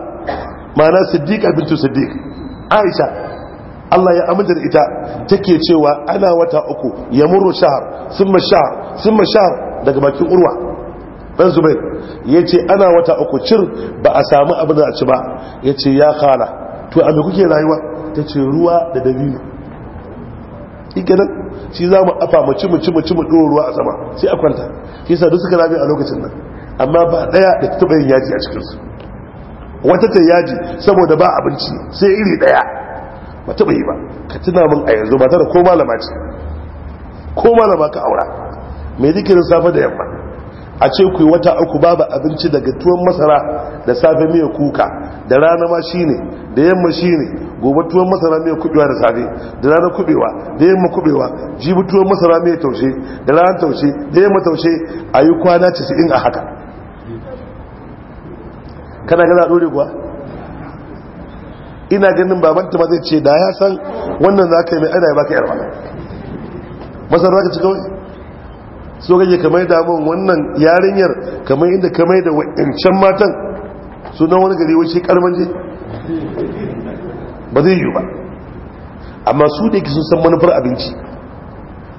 mana siddiqa bintu siddiq aisha Allah ya aminta da ita take cewa ana wata uku ya muru shahar summa shahar summa shahar daga bakin urwa dan zubair ya ce ana wata uku cir ba a samu abin da a ci ba ya ce ya kala to a me kuke rayuwa ta ce ruwa da dabino ikenan shi za mu afa mu ci mu ci mu ci mu ɗoro ruwa a sama sai a kwanta shi sa duk suka rabe a lokacin nan amma ba ɗaya da ta taɓa yin yaji a cikinsu wata ta yaji saboda ba abinci sai iri ɗaya ba taɓa yi ba ka tuna min a yanzu ba tare ko malama ce ko malama ka aura mai dikirin safe da yamma a ce ku wata uku babu abinci daga tuwon masara da safe miya kuka da rana ma ne da yamma ne gobe tuwon masara miya kubewa da safe da rana kubewa da yamma kubewa jibi tuwon masara miya taushe da rana taushe da yamma taushe a yi kwana 90 a haka kana gana dore kuwa ina ganin babanta ma zai ce da ya san wannan za ka yi mai ana ya baka yarwa masar za ka ci kawai so kake ka mai damun wannan yarinyar kamar inda mai da wa'ancan matan sunan wani gari wace karman je ba zai yi ba amma su da yake sun san manufar abinci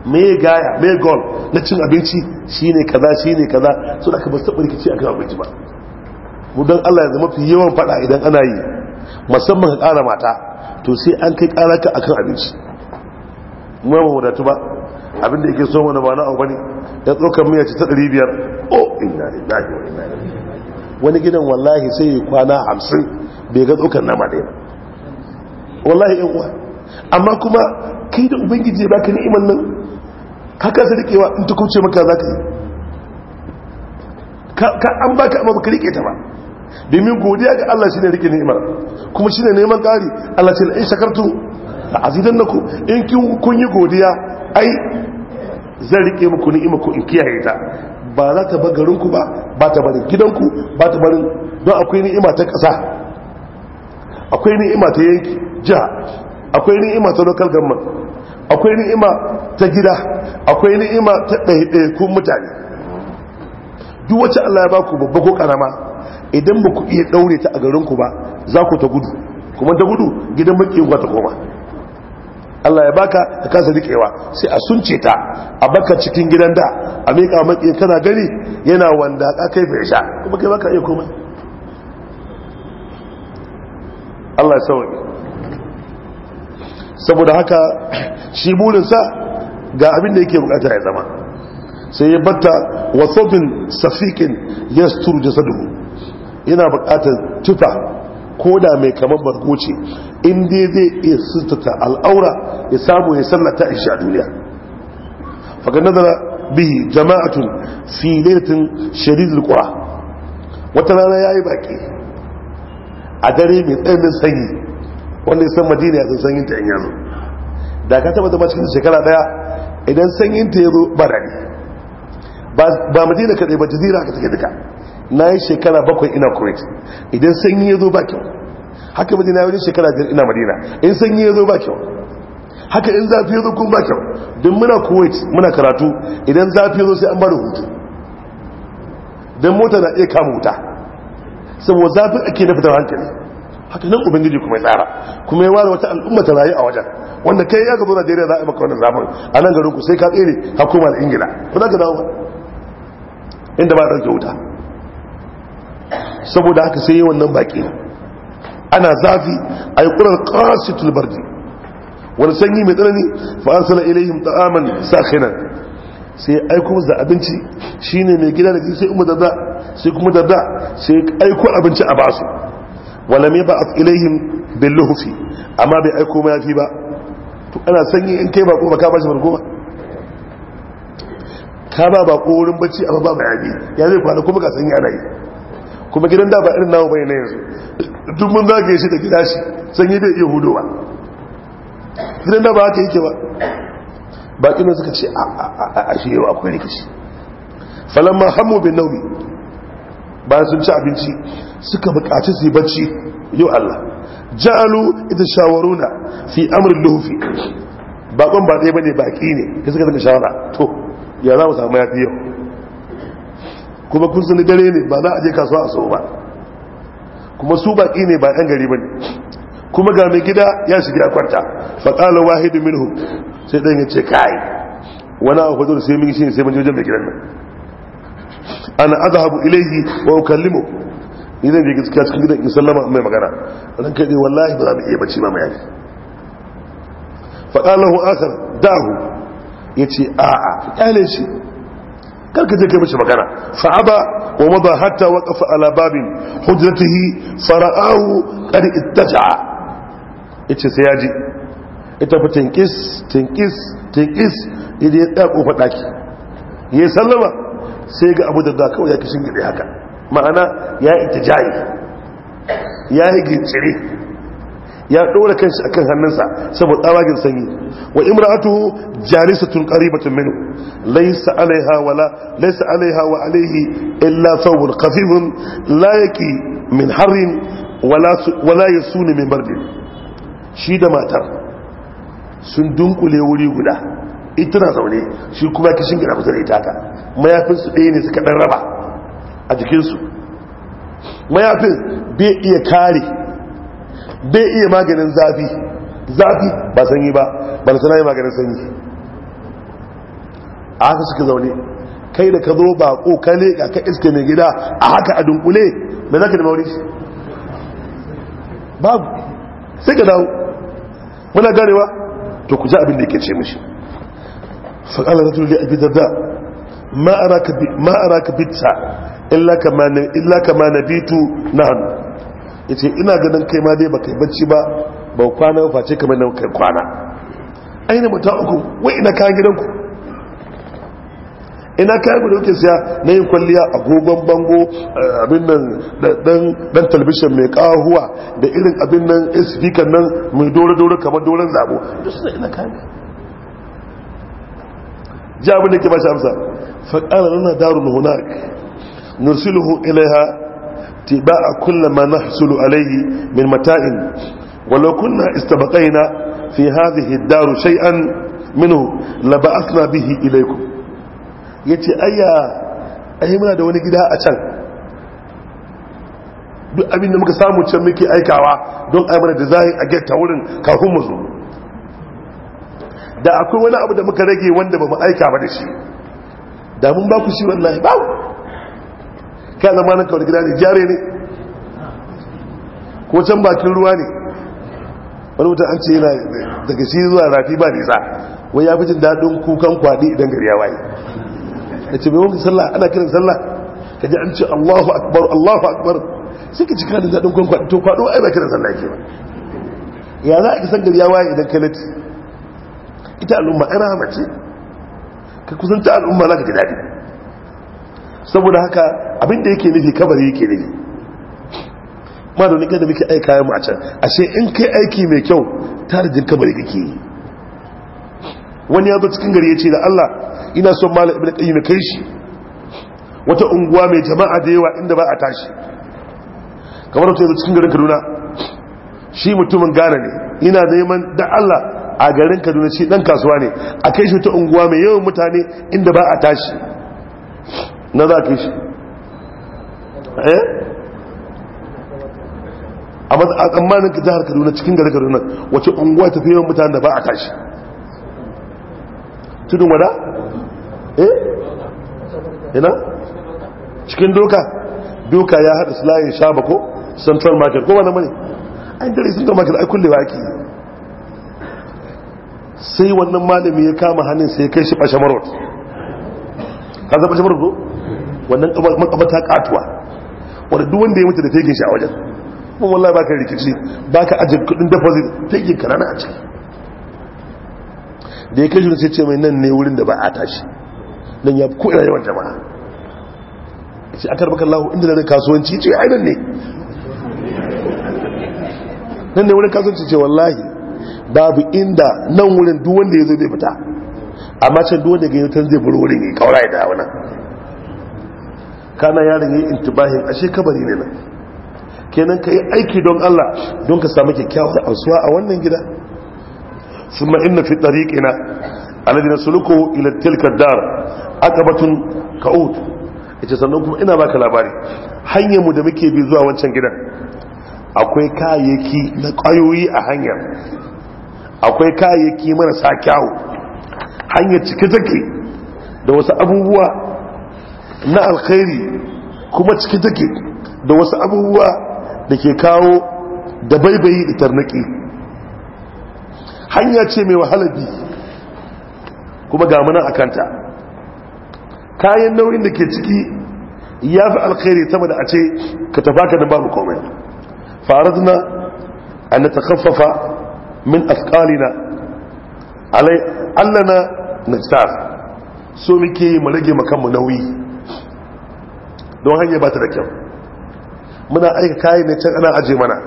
mai gaya mai gol na cin abinci shi ne kaza ne kaza so da ka ba su taɓa rikici akan abinci ba mu don Allah ya zama fi yawan faɗa idan ana yi musamman ka ƙara mata to sai an kai ƙara ka akan abinci mu ba wadatu ba abinda yake so mana ba na abu bane ya tsokan miya ce ta 500 oh inna lillahi wa inna ilaihi wani gidan wallahi sai ya kwana 50 bai ga tsokar nama ɗaya ba wallahi yan uwa amma kuma kai da ubangiji ba ka ni'imar nan haka sai rikewa in ta kuce maka za ka yi ka an baka amma baka rike ta ba domin godiya ga Allah shine rike ni'imar kuma shine neman ƙari Allah ce in shakartu azidan azidannakum in kin kun yi godiya ai zan rike muku ni'ima ku in kiyaye ta ba za ta bar garinku ba ba ta barin gidanku ba ta barin don akwai ni'ima ta ƙasa akwai ni'ima ta yanki jiha akwai ni'ima ta local government akwai ni'ima ta gida akwai ni'ima ta ku mutane duk wacce Allah ya ba ku babba ko ƙarama idan ba ku iya ɗaure ta a garinku ba za ku ta gudu kuma ta gudu gidan makiyin ta koma Allah ya baka ka kasa rikewa sai a sunce ta a baka cikin gidan da a miƙa maƙi kana gani yana wanda ka kai fa isha kuma kai baka iya komai Allah ya sauke saboda haka shi sa ga abin da yake bukata ya zama sai ya batta wa sautin safiqin jasadu yana bukatar tufa ko da mai kamar bargo ce in dai zai iya sutata al'aura ya samu ya sallata ishi a duniya faga nazara bihi jama'atun fi lailatin shadidul qura wata rana yayi baki a dare mai tsananin sanyi wanda ya san madina ya san sanyin ta yanzu da ka taba zama cikin shekara daya idan sanyin ta yazo barani ba madina kadai ba jazira ka take duka na yi shekara bakwai ina kuwait idan sanyi ya zo ba kyau haka madina ya yi shekara biyar ina madina in sanyi ya zo ba kyau haka in zafi ya zo kun ba kyau don muna kuwait muna karatu idan zafi ya zo sai an bada hutu don mota na iya kama wuta saboda zafi ake na fitar hankali haka nan ubangiji kuma ya tsara kuma ya ware wata al'umma ta rayu a wajen wanda kai ya gaba najeriya za a maka wannan zafin a nan garin ku sai ka tsere hakuma da ingila kuna ga dawo inda ba ɗauke wuta saboda haka sai yi wannan baki ana zafi a yi ƙuran ƙasitul bardi wani sanyi mai tsanani fa'asala ilayhim ta'aman sakhinan sai aiko da abinci shine mai gida da sai kuma dada sai kuma dada sai aiko abinci a basu wala mai ba a ilayhim bil hufi amma bai aiko ma yafi ba to ana sanyi in kai ba baka bashi barko ba ka ba bako wurin bacci amma ba mai yaji ya zai kwana kuma ka sanyi ana yi kuma gidan da ba irin nawa bai na yanzu duk mun zage shi da gida shi sanyi bai iya hudu ba gidan da ba haka yake ba baƙi ne suka ce a shi yau akwai rikici falamma hamu bin nauyi bayan sun ci abinci suka buƙaci su yi bacci yau allah ja'alu ita shawaruna fi amurin lufi baƙon ba ɗaya ba ne baƙi ne ka suka zaka shawara to ya za mu samu yafi yau kuma kun sani dare ne ba za a je kasuwa a sau ba kuma su baƙi ne ba ɗan gari ba ne kuma ga mai gida ya shiga kwanta faƙalar wahidu minhu sai ɗan ya ce kai wani a fito da sai min shi sai mun jojen mai gidan nan ana azhabu ilaihi wa ukallimu idan da gaskiya cikin gidan in sallama mai magana ran kai wallahi ba za mu iya bacci ba mai yaji faƙalar hu akar dahu ce a'a kyale shi kar ka je kai mace magana fa aba wa mada hatta waqafa ala babin hujratihi fara'ahu qad ittaja'a yace sai yaji ita fa tinkis tinkis tinkis idan ya tsaya kofar daki yayi sallama sai ga abu da da kawai ya kishin gidi haka ma'ana ya jayi, ya yi gincire ya ɗora kanshi akan hannunsa saboda tsawagin sanyi wa imra'atuhu jalisatun qaribatun minhu laysa 'alayha wala laysa alaiha wa alaihi illa thawbun khafifun la yaki min harrin wala wala yasuni min bardin shi da matar sun dunkule wuri guda ita na zaune shi kuma kishin gida fitar ita haka mayafin su ɗaya ne suka dan raba a jikinsu mayafin bai iya kare bai iya maganin zafi zafi ba sanyi ba ba sanayi yi maganin sanyi a haka suka zaune kai da ka zo ba ko ka leƙa ka iske mai gida a haka a dunkule mai za ka da mauri babu sai ka dawo muna ganewa to ku ji abin da yake ce mashi faƙalar da a abi da, ma'ara ka bitta illa kama bitu na hannu ya ce ina ganin kai ma dai ba kai bacci ba ba kwana face kamar nan kai kwana aina mutum uku wai ina kayan gidanku ina kayan ku da siya na yin kwalliya agogon bango eh, abin nan dan talbishin mai kahuwa da irin abin nan eh, speaker nan mai dore-dore kamar doren zabo ina kayan ji abin da ke ba shi amsa faƙarar na Na hunak nursiluhu ilaiha tiba'a kulla ma nahsulu alayhi min mata'in walau kunna istabaqaina fi hadhihi ad-dar shay'an minhu laba'athna bihi ilaykum yace ayya ai muna da wani gida a can duk abinda muka samu can muke aikawa don ai mana da zahi a getta wurin kafin mu da akwai wani abu da muka rage wanda ba mu aika ba da shi da mun ba ku shi wallahi ba ka zama nan kawai gida ne jare ne ko can bakin ruwa ne wani mutum an ce yana daga shi zuwa rafi ba nisa wai ya fi jin daɗin kukan kwaɗi idan gari ya waye da ce mai wani sallah ana kiran sallah ka ji an ce allahu akbar allahu akbar sai ka cika da daɗin kukan kwaɗi to kwaɗo ai ba kiran sallah ke ba ya za a ki san gari ya waye idan kalati ita al'umma ai rahama ce ka kusanta al'umma za ka ji daɗi saboda haka abinda yake nufi kabari yake nufi ma da nika da muke aika yamma a can ashe in kai aiki mai kyau tarjin kabari kake yi wani ya zo cikin gari ya ce da Allah ina son malam ibn qayyim kai shi wata unguwa mai jama'a da yawa inda ba a tashi kamar ta yanzu cikin garin Kaduna shi mutumin Ghana ne ina neman da Allah a garin Kaduna shi dan kasuwa ne a kai shi wata unguwa mai yawan mutane inda ba a tashi na za ka yi shi eh a tsammanin jihar kaduna cikin gari kaduna wace unguwa ta fi yawan mutane da ba a tashi tudun wada eh ina cikin doka doka ya haɗa sulayin shaba ko central market ko wani mani an gari central market ai kullewa ake yi sai wannan malami ya kama hannun sai kai shi fashe marot ka zaba shi marot ko wannan makabarta katuwa wanda duk wanda ya mutu da fegin shi a wajen kuma wallahi baka rikici baka aje kudin deposit fegin ka rana a ciki da ya kai shi sai ce mai nan ne wurin da ba a tashi nan ya ko ina yawan jama'a shi akar baka Allah inda da kasuwanci ce ai nan ne nan ne wurin kasuwanci ce wallahi babu inda nan wurin duk wanda ya zo zai fita amma can duk wanda ga gani tan zai buru wurin ya kaura ya dawo nan kana yaron yi intibahin ashe kabari ne nan kenan ka yi aiki don Allah don ka samu kyakkyawar ansuwa a wannan gida summa inna fi aladina alladhina suluku ila tilka dar akabatun kaud ce sannan kuma ina baka labari hanyar mu da muke bi zuwa wancan gidan akwai kayayyaki na kwayoyi a hanyar akwai kayayyaki marasa kyawu hanyar cike take da wasu abubuwa na alkhairi kuma ciki take da wasu abubuwa da ke kawo da baibayi da tarnaki hanya ce mai wahalabi kuma ga munan akanta kayan nauyin da ke ciki ya fi alkhairi sama da a ce ka tafaka da babu komai faradna an takaffafa min alai allana na so muke mu rage makanmu nauyi don hanyar ba ta da kyau muna aika kayan ne can ana aje mana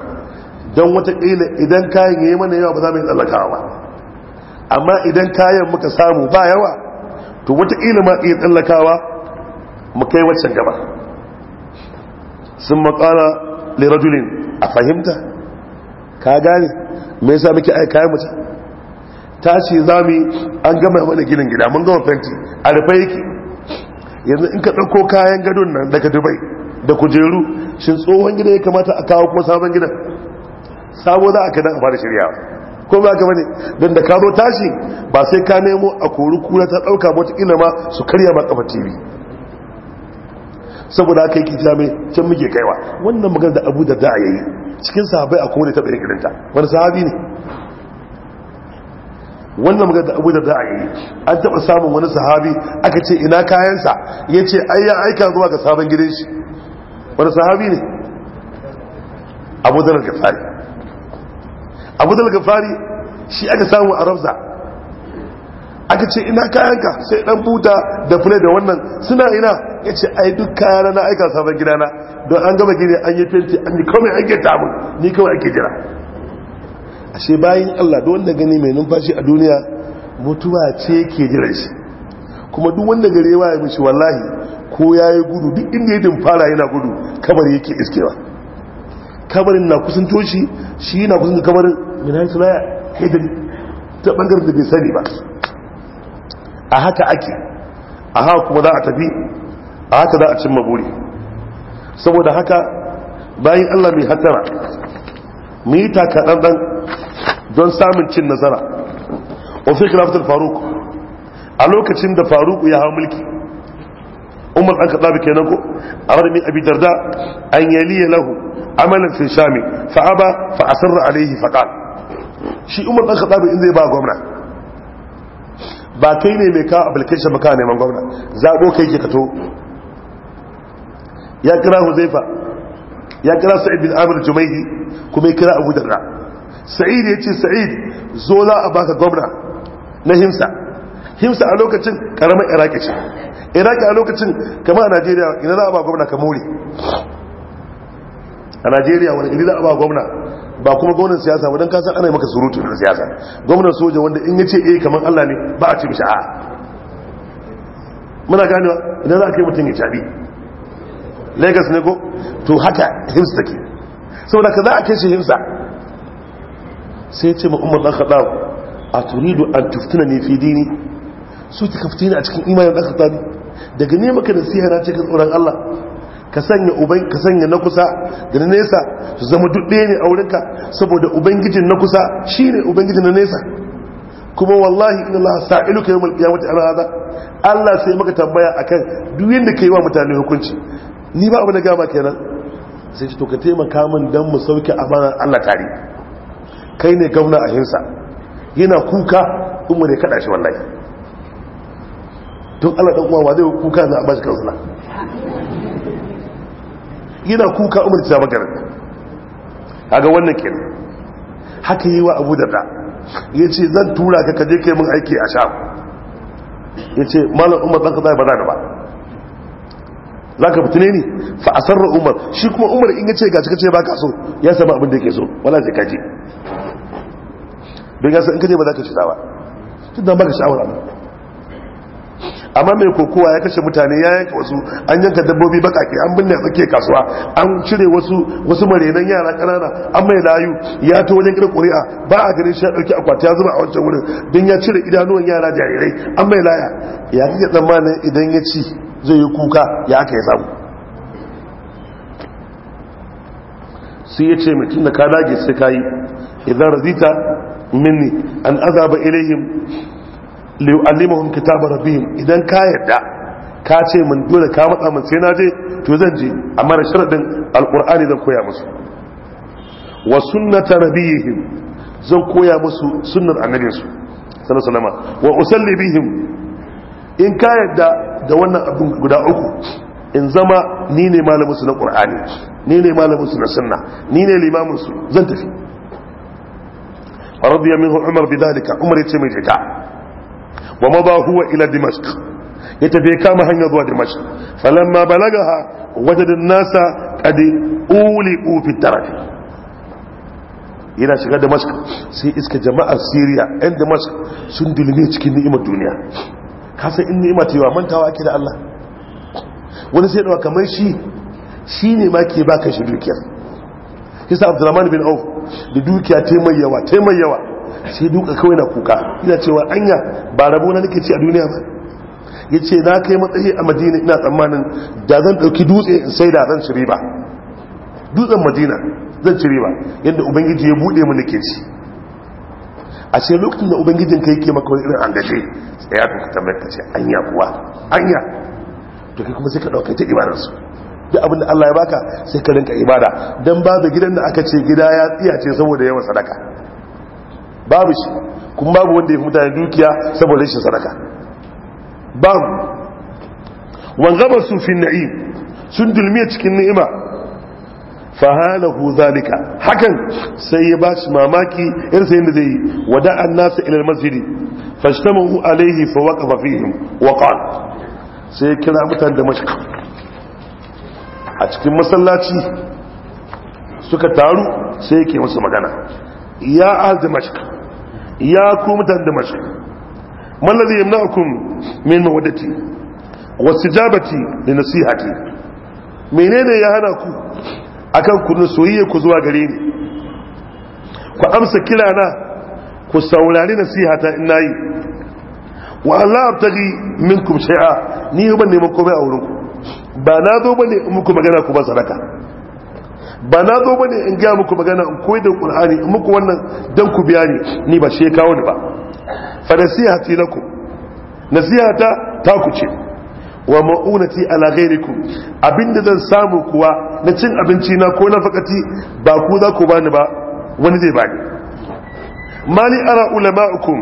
don watakila idan kayan ya yi mana yawa ba za mu yi tsallakawa ba amma idan kayan muka samu ba yawa to watakila ma iya tsallakawa mu kai waccan gaba sun makara lirajulin a fahimta ka gane mai sa muke aika kayan mutum ta ce za mu an gama mana ginin gida mun gama fenti a rufe yake yanzu in ka ɗauko kayan gadon nan daga dubai da kujeru shi tsohon gida ya kamata a kawo kuma sabon gida? sabo za a kada a fara shirya ko ba ka bane don da ka tashi ba sai ka nemo a kori kura ta ɗauka ina ma su karya ma kafa tv saboda aka yi kita mai can muke kaiwa wannan magana da abu da za a yayi cikin sahabai a ta taɓa gidanta, wani sahabi ne wannan magana da abu da za a yi an taɓa samun wani sahabi aka ce ina kayansa ya ce ai ya aika zuwa ga sabon gidan shi wani sahabi ne abu da gafari abu da gafari shi aka samu a rafza aka ce ina kayanka sai dan buta da fule da wannan suna ina ya ce ai duk kayana na aika sabon gidana don an gaba gini an yi fenti an yi kawai an geta abin ni kawai ake jira ashe bayan Allah duk wanda gani mai numfashi a duniya mutuwa ce ke jira shi kuma duk wanda gare ya waye mishi wallahi ko yayi gudu duk inda ya fara yana gudu kabar yake iskewa kabarin na kusan toshi, shi yana kusan kabarin min haisu la haidani ta bangaren da bai sani ba a haka ake a haka kuma za a tafi a haka za a cimma buri saboda haka bayan Allah mai hatara mu yi takaɗanɗan don samun cin nasara wafi khilafatul faruk a lokacin da faruk ya hau mulki umar an kaɗa kenan ko a rarrami abi darda an yaliya lahu amalan fil shami fa'aba fa asarra alaihi faqal shi umar an kaɗa in zai ba gwamna ba kai ne mai ka application ba ka neman gwamna zaɓo kai ke kato ya kira huzaifa ya kira sa'id bin amir jumaihi kuma ya kira abu darda sa'id ya ce sa'id zo za a baka gwamna na himsa himsa a lokacin karamar iraki ce iraki a lokacin kama a najeriya ina za a ba gwamna ka mori a najeriya wani ina za a ba gwamna ba kuma gwamnan siyasa wadon kasar ana yi maka surutu na siyasa gwamnan soja wanda in ya ce eh kamar allah ne ba a ce mishi a muna ganewa idan za a kai mutum ya cabi lagos ne ko to haka himsa take saboda ka za a kai shi himsa sai ce ma umar ɗan haɗa a turidu an tuftuna ne fi dini so ki kafta ni a cikin imanin haɗa ne daga ne maka siya na cikin tsoron Allah ka sanya uban ka sanya na kusa da na nesa su zama duk ne a wurinka saboda ubangijin na kusa ne ubangijin na nesa kuma wallahi inna sa'ilu sa'iluka yawmal qiyamati ala hada Allah sai maka tambaya akan duk yanda kai wa mutane hukunci ni ba abu da gama kenan sai ki to ka taimaka min dan mu sauke amanar Allah tare kai ne gauna a hinsa yana kuka umar ya kada shi wallahi don allah dan uwa zai kuka na a bashi kansila yana kuka umar ta garin haga wannan kenan haka yi wa abu da da ya ce zan tura ka kaje kai mun aiki a sham ya ce malar umar ɗan ka ba za da ba za ka fitine ni fa a sarra umar shi kuma umar in ya ce gaci ka ba ka so ya sami abin da yake so wala zai kaji don yasa in kaje ba za ka ci tun ba ka sha'awar abu amma mai kokowa ya kashe mutane ya yanka wasu an yanka dabbobi bakake an binne tsakiyar kasuwa an cire wasu wasu marenan yara kanana an mai layu ya ta wajen kira kuri'a ba a ganin shi ya dauki akwati ya zuba a wancan wurin don ya cire idanuwan yara jarirai an mai laya ya kike tsammanin idan ya ci zai yi kuka ya aka ya samu sai ya ce mutum da ka dage sai ka yi idan razita minni an azaba ilaihim liyu'allimahum kitaba rabbihim idan ka yadda ka ce mun dole ka matsa mun sai na je to zan je amma da sharadin alqur'ani zan koya musu wa sunnata rabbihim zan koya musu sunnar annabinsu sallallahu alaihi wa usalli bihim in ka yadda da wannan abin guda uku in zama ni ne malamin su na qur'ani ni ne malamin su na sunna ni ne limamin su zan tafi radiya minhu umar ka umar yace mai jika wa madha huwa ila dimashq ya tafi kama hanyar zuwa dimashq falamma balaga wajada an-nasa qad uliqu fi tarafi yana shiga damashq sai iska jama'a syria 'yan damashq sun dulme cikin ni'imar duniya kasa in ni'imar ta yawa mantawa ake da Allah wani sai dawa kamar shi shi ne ma ke baka shi dukiyar yasa abdurrahman bin auf da dukiya ta mai yawa ta mai yawa sai duka kawai na kuka ina cewa anya ba rabo na nake ci a duniya ba ya ce na kai matsayi a madina ina tsammanin da zan ɗauki dutse in sai da zan ci riba dutsen madina zan ci riba yadda ubangiji ya buɗe mu nake ci a ce lokacin da ubangijin kai ke maka irin an gaje tsaya to ka tambayar ka ce anya kuwa anya to kai kuma sai ka ɗauka ta ibadarsu duk abin da Allah ya baka sai ka rinka ibada dan babu gidan da aka ce gida ya tsiyace saboda yawan sadaka babu shi kuma babu wanda ya fi mutane dukiya saboda shi sadaka babu wangabar su fi na'im sun dulmiya cikin ni'ima fahalahu zalika hakan sai ya bashi mamaki irin sai yadda zai yi wada an nasu ilal masjidi fashtamahu alaihi fa waqafa fihim wa qala sai kira mutane da mashka a cikin masallaci suka taru sai yake musu magana ya ahal damashq ya ku mutan damashq man ladhi yamna'ukum min mawaddati wasijabati li nasihati menene ya hana ku akan ku soyayya ku zuwa gare ni ku amsa kira na ku saurari nasihata in nayi wa Allah abtaghi minkum shay'a ni ban neman komai a wurinku ba na zo bane in muku magana ku ba sadaka ba na zo bane in ga muku magana in koyi da qur'ani in muku wannan dan ku biya ni ni ba she kawo ni ba fa ku na siya ta ta ku ce wa ma'unati ala ku abinda zan samu kuwa na cin abinci na ko na fakati ba ku za ku bani ba wani zai bani mali ara ulama'ukum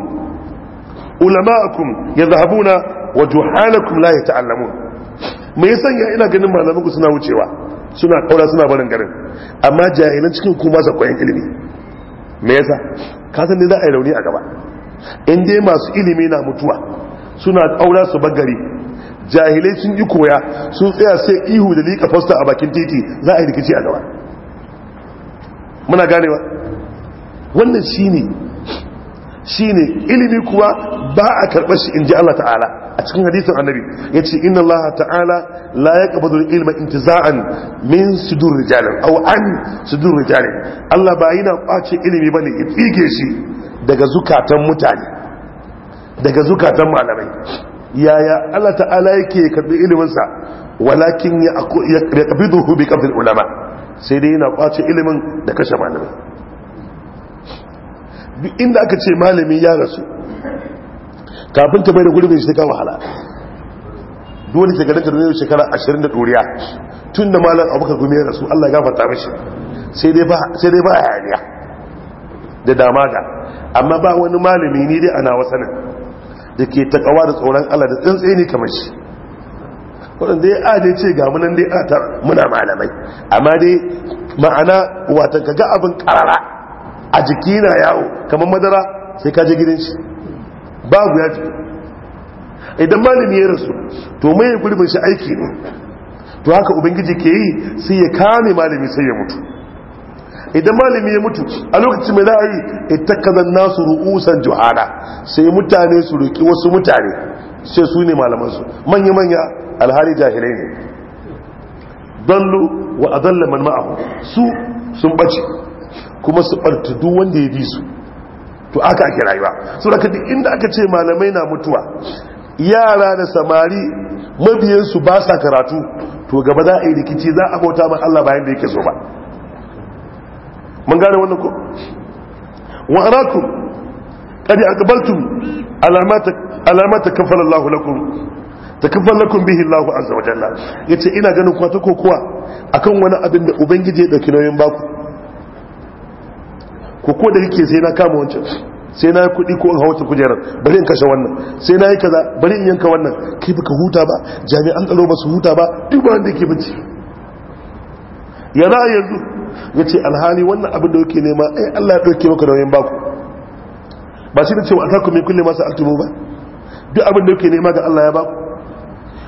ulama'ukum yadhhabuna wa juhalakum la yata'allamun Mai ya sanya ina ganin malamanku suna wucewa suna kaura suna barin garin amma jahilan cikin kuma su koyan ilimi me yasa kasan san ne za a yi rauni a gaba in dai masu ilimi na mutuwa suna kaura su bagari jahilai sun yi koya sun tsaya sai ihu da liƙa fosta a bakin titi za a yi rikici a gaba muna ganewa wannan shi ne. shi ne ilimi kuwa ba a karɓar shi in ji Allah ta'ala a cikin hadisin annabi ya ce inna Allah ta'ala la ya ƙaba zuwa ilma intiza'an min sudur rijalin au an sudur rijalin Allah ba yana ƙwace ilimi ba ne ya fige shi daga zukatan mutane daga zukatan malamai yaya Allah ta'ala yake karɓi iliminsa walakin ya ƙabi duhu bi ƙabdin ulama sai dai yana ƙwace ilimin da kashe malamai duk inda aka ce malami ya rasu kafin ka bai da guri mai shekara wahala dole ke gadanta da shekara ashirin da ɗoriya tun da malar abokan gumi ya rasu allah ya gafarta mashi sai dai ba a hayaniya da dama da amma ba wani malami ne dai ana wasanin da ke takawa da tsoron allah da ne kamar shi waɗanda ya ade ce ga munan dai ana muna malamai amma dai ma'ana watan ka ga abin karara a jiki na yawo kamar madara sai ka ji gidan shi babu ya fito idan malami ya rasu to mai gurbin shi aiki ne to haka ubangiji ke yi sai ya kame malami sai ya mutu idan malami ya mutu a lokacin mai ita kazan nasu ru'usan juhana sai mutane su roƙi wasu mutane sai su ne malamansu manya-manya alhali jahilai ne dallu wa adalla man ma'ahu su sun ɓace. kuma su ɓarta duk wanda ya bi su to aka ake rayuwa su da duk inda aka ce malamai na mutuwa yara da samari mabiyansu ba sa karatu to gaba za a yi rikici za a bauta ma Allah bayan da yake so ba mun gane wannan ko wa arakum qad aqbaltum alamata alamata kafala lakum takaffal bihi Allahu azza wa jalla yace ina ganin kwata ko kuwa akan wani abin da ubangiji ya dauki nauyin baku ko ko da kike sai na kama wancan sai na yi kuɗi ko in hau kujerar bari in kashe wannan sai na yi kaza bari in yanka wannan kai baka huta ba jami'an tsaro ba su huta ba duk wanda yake bici yana yanzu ya ce alhali wannan abin da yake nema ai eh, Allah ya ɗauke maka wayan baku ba shi da cewa ataku min kulle ma sa'altumu ba duk abin da yake nema ga Allah ya baku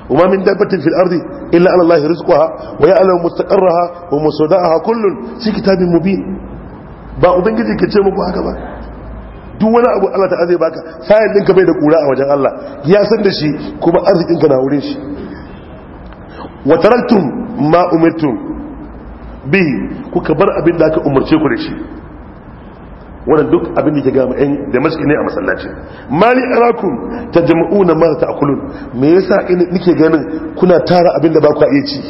وما من دابة في الأرض إلا على الله رزقها ويعلم مستقرها ومستودعها كل في كتاب مبين ba ubangiji ka ce muku haka ba duk wani abu Allah ta azai baka fayil ɗinka bai da ƙura a wajen Allah ya san da shi kuma arzikinka na wurin shi wa taraktum ma bi kuka bar abin da aka umarce ku da shi wannan duk abin da ke ga ma'in da mashi ne a masallaci mali ta na tajma'una ma ta'kulun me yasa ina nike ganin kuna tara abin da ba ku iya ci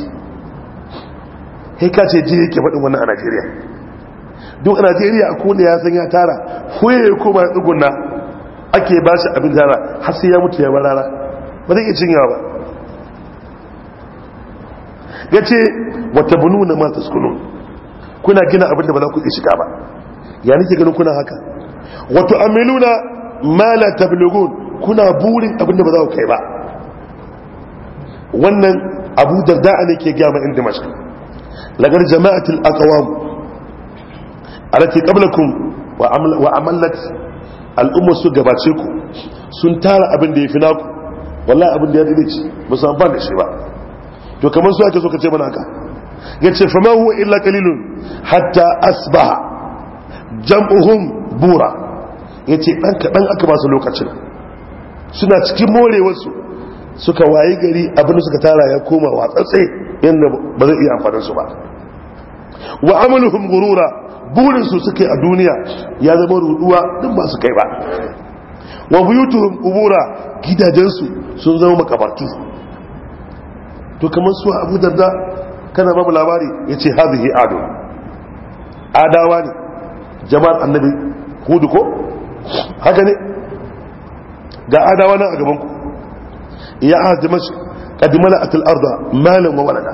kai ka ce je yake faɗin wannan a Najeriya duk najeriya a ne ya san ya tara ko kuma ya tsuguna ake ba shi abin tara har sai ya mutu ya barara ba zai iya cinyawa ba ya ce wata bunu na masu sukunu kuna gina abin da ba za ku shiga ba ya nike ganin kuna haka wato amiluna mala tablugun kuna burin abin da ba za ku kai ba wannan abu da a ne ke gama in dimashq lagar jama'atul akawamu alati qablakum wa amallat al'ummar su gabace ku sun tara abin da ya fi naku wallahi abin da ya dade ci ba san ba da shi ba to kamar su ake so ka ce mana haka yace ce fama huwa illa kalilun hatta asbaha jam'uhum bura yace ce ɗan kaɗan aka ba su lokacin suna cikin su suka wayi gari abin da suka tara ya koma watsatsai yadda ba zai iya amfanin su ba wa amaluhum gurura burin suke a duniya ya zama ruduwa din ba su kai ba wa buyutuhum qubura gidajensu sun zama makabartu to kamar su Abu Darda kana babu labari yace hadhihi adu adawa ne jama'ar annabi hudu ko haka ne ga adawa nan a gaban ku ya azimashi kadimala atal arda malan wa walada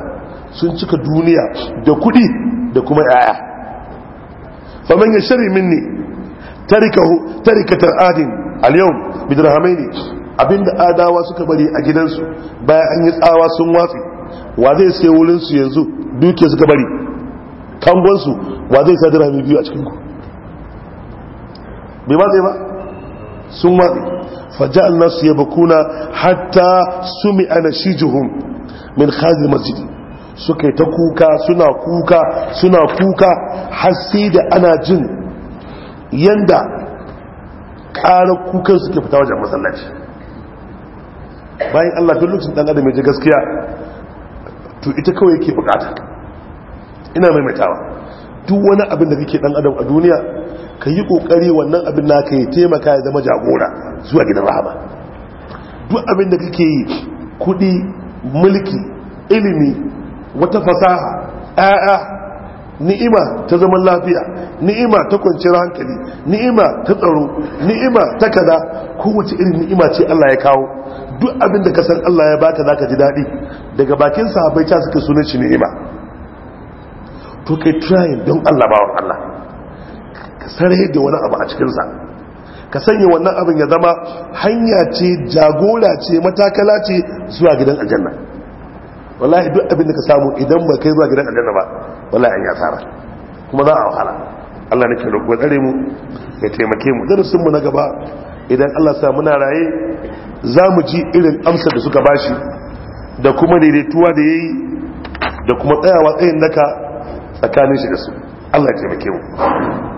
sun cika duniya da kudi da kuma yaya فمن يشتري مني تركه تركة آد اليوم بدرهمين ne. Abinda adawa suka bari a gidansu bayan an yi tsawa sun watsi wa zai sai wurinsu yanzu duke suka bari kangonsu wa zai sa dirhami biyu a cikinku bai matse ba sun watsi faja'al nasu ya bakuna hatta sumi ana shijuhum min khazin masjidi suka ta kuka suna kuka suna kuka har sai da ana jin yanda ƙarar kukan suke fita wajen masallaci bayan allah duk lokacin ɗan adam ya ji gaskiya to ita kawai yake bukata ina maimaitawa duk wani abin da kake ɗan adam a duniya ka yi ƙoƙari wannan abin na ka yi taimaka ya zama jagora zuwa gidan rahama duk abin da kake yi kuɗi mulki ilimi wata fasaha ƴaƴa ni'ima ta zaman lafiya ni'ima ta kwanciyar hankali ni'ima ta tsaro ni'ima ta kaza kowace irin ni'ima ce Allah ya kawo duk abin da ka san Allah ya baka zaka ji daɗi daga bakin sahabbai ta suka sunan shi ni'ima to kai try don Allah bawon Allah ka sare da wani abu a cikin sa ka sanya wannan abin ya zama hanya ce jagora ce matakala ce zuwa gidan aljanna wallahi duk abin da ka samu idan ba kai zuwa gidan aljanna ba wallahi an ya tsara kuma za a wahala Allah nake roƙo tsare mu ya taimake mu darasin mu na gaba idan Allah sa muna raye za mu ji irin amsar da suka bashi da kuma daidaituwa da yayi da kuma tsayawa tsayin naka tsakanin shi da su Allah ya taimake mu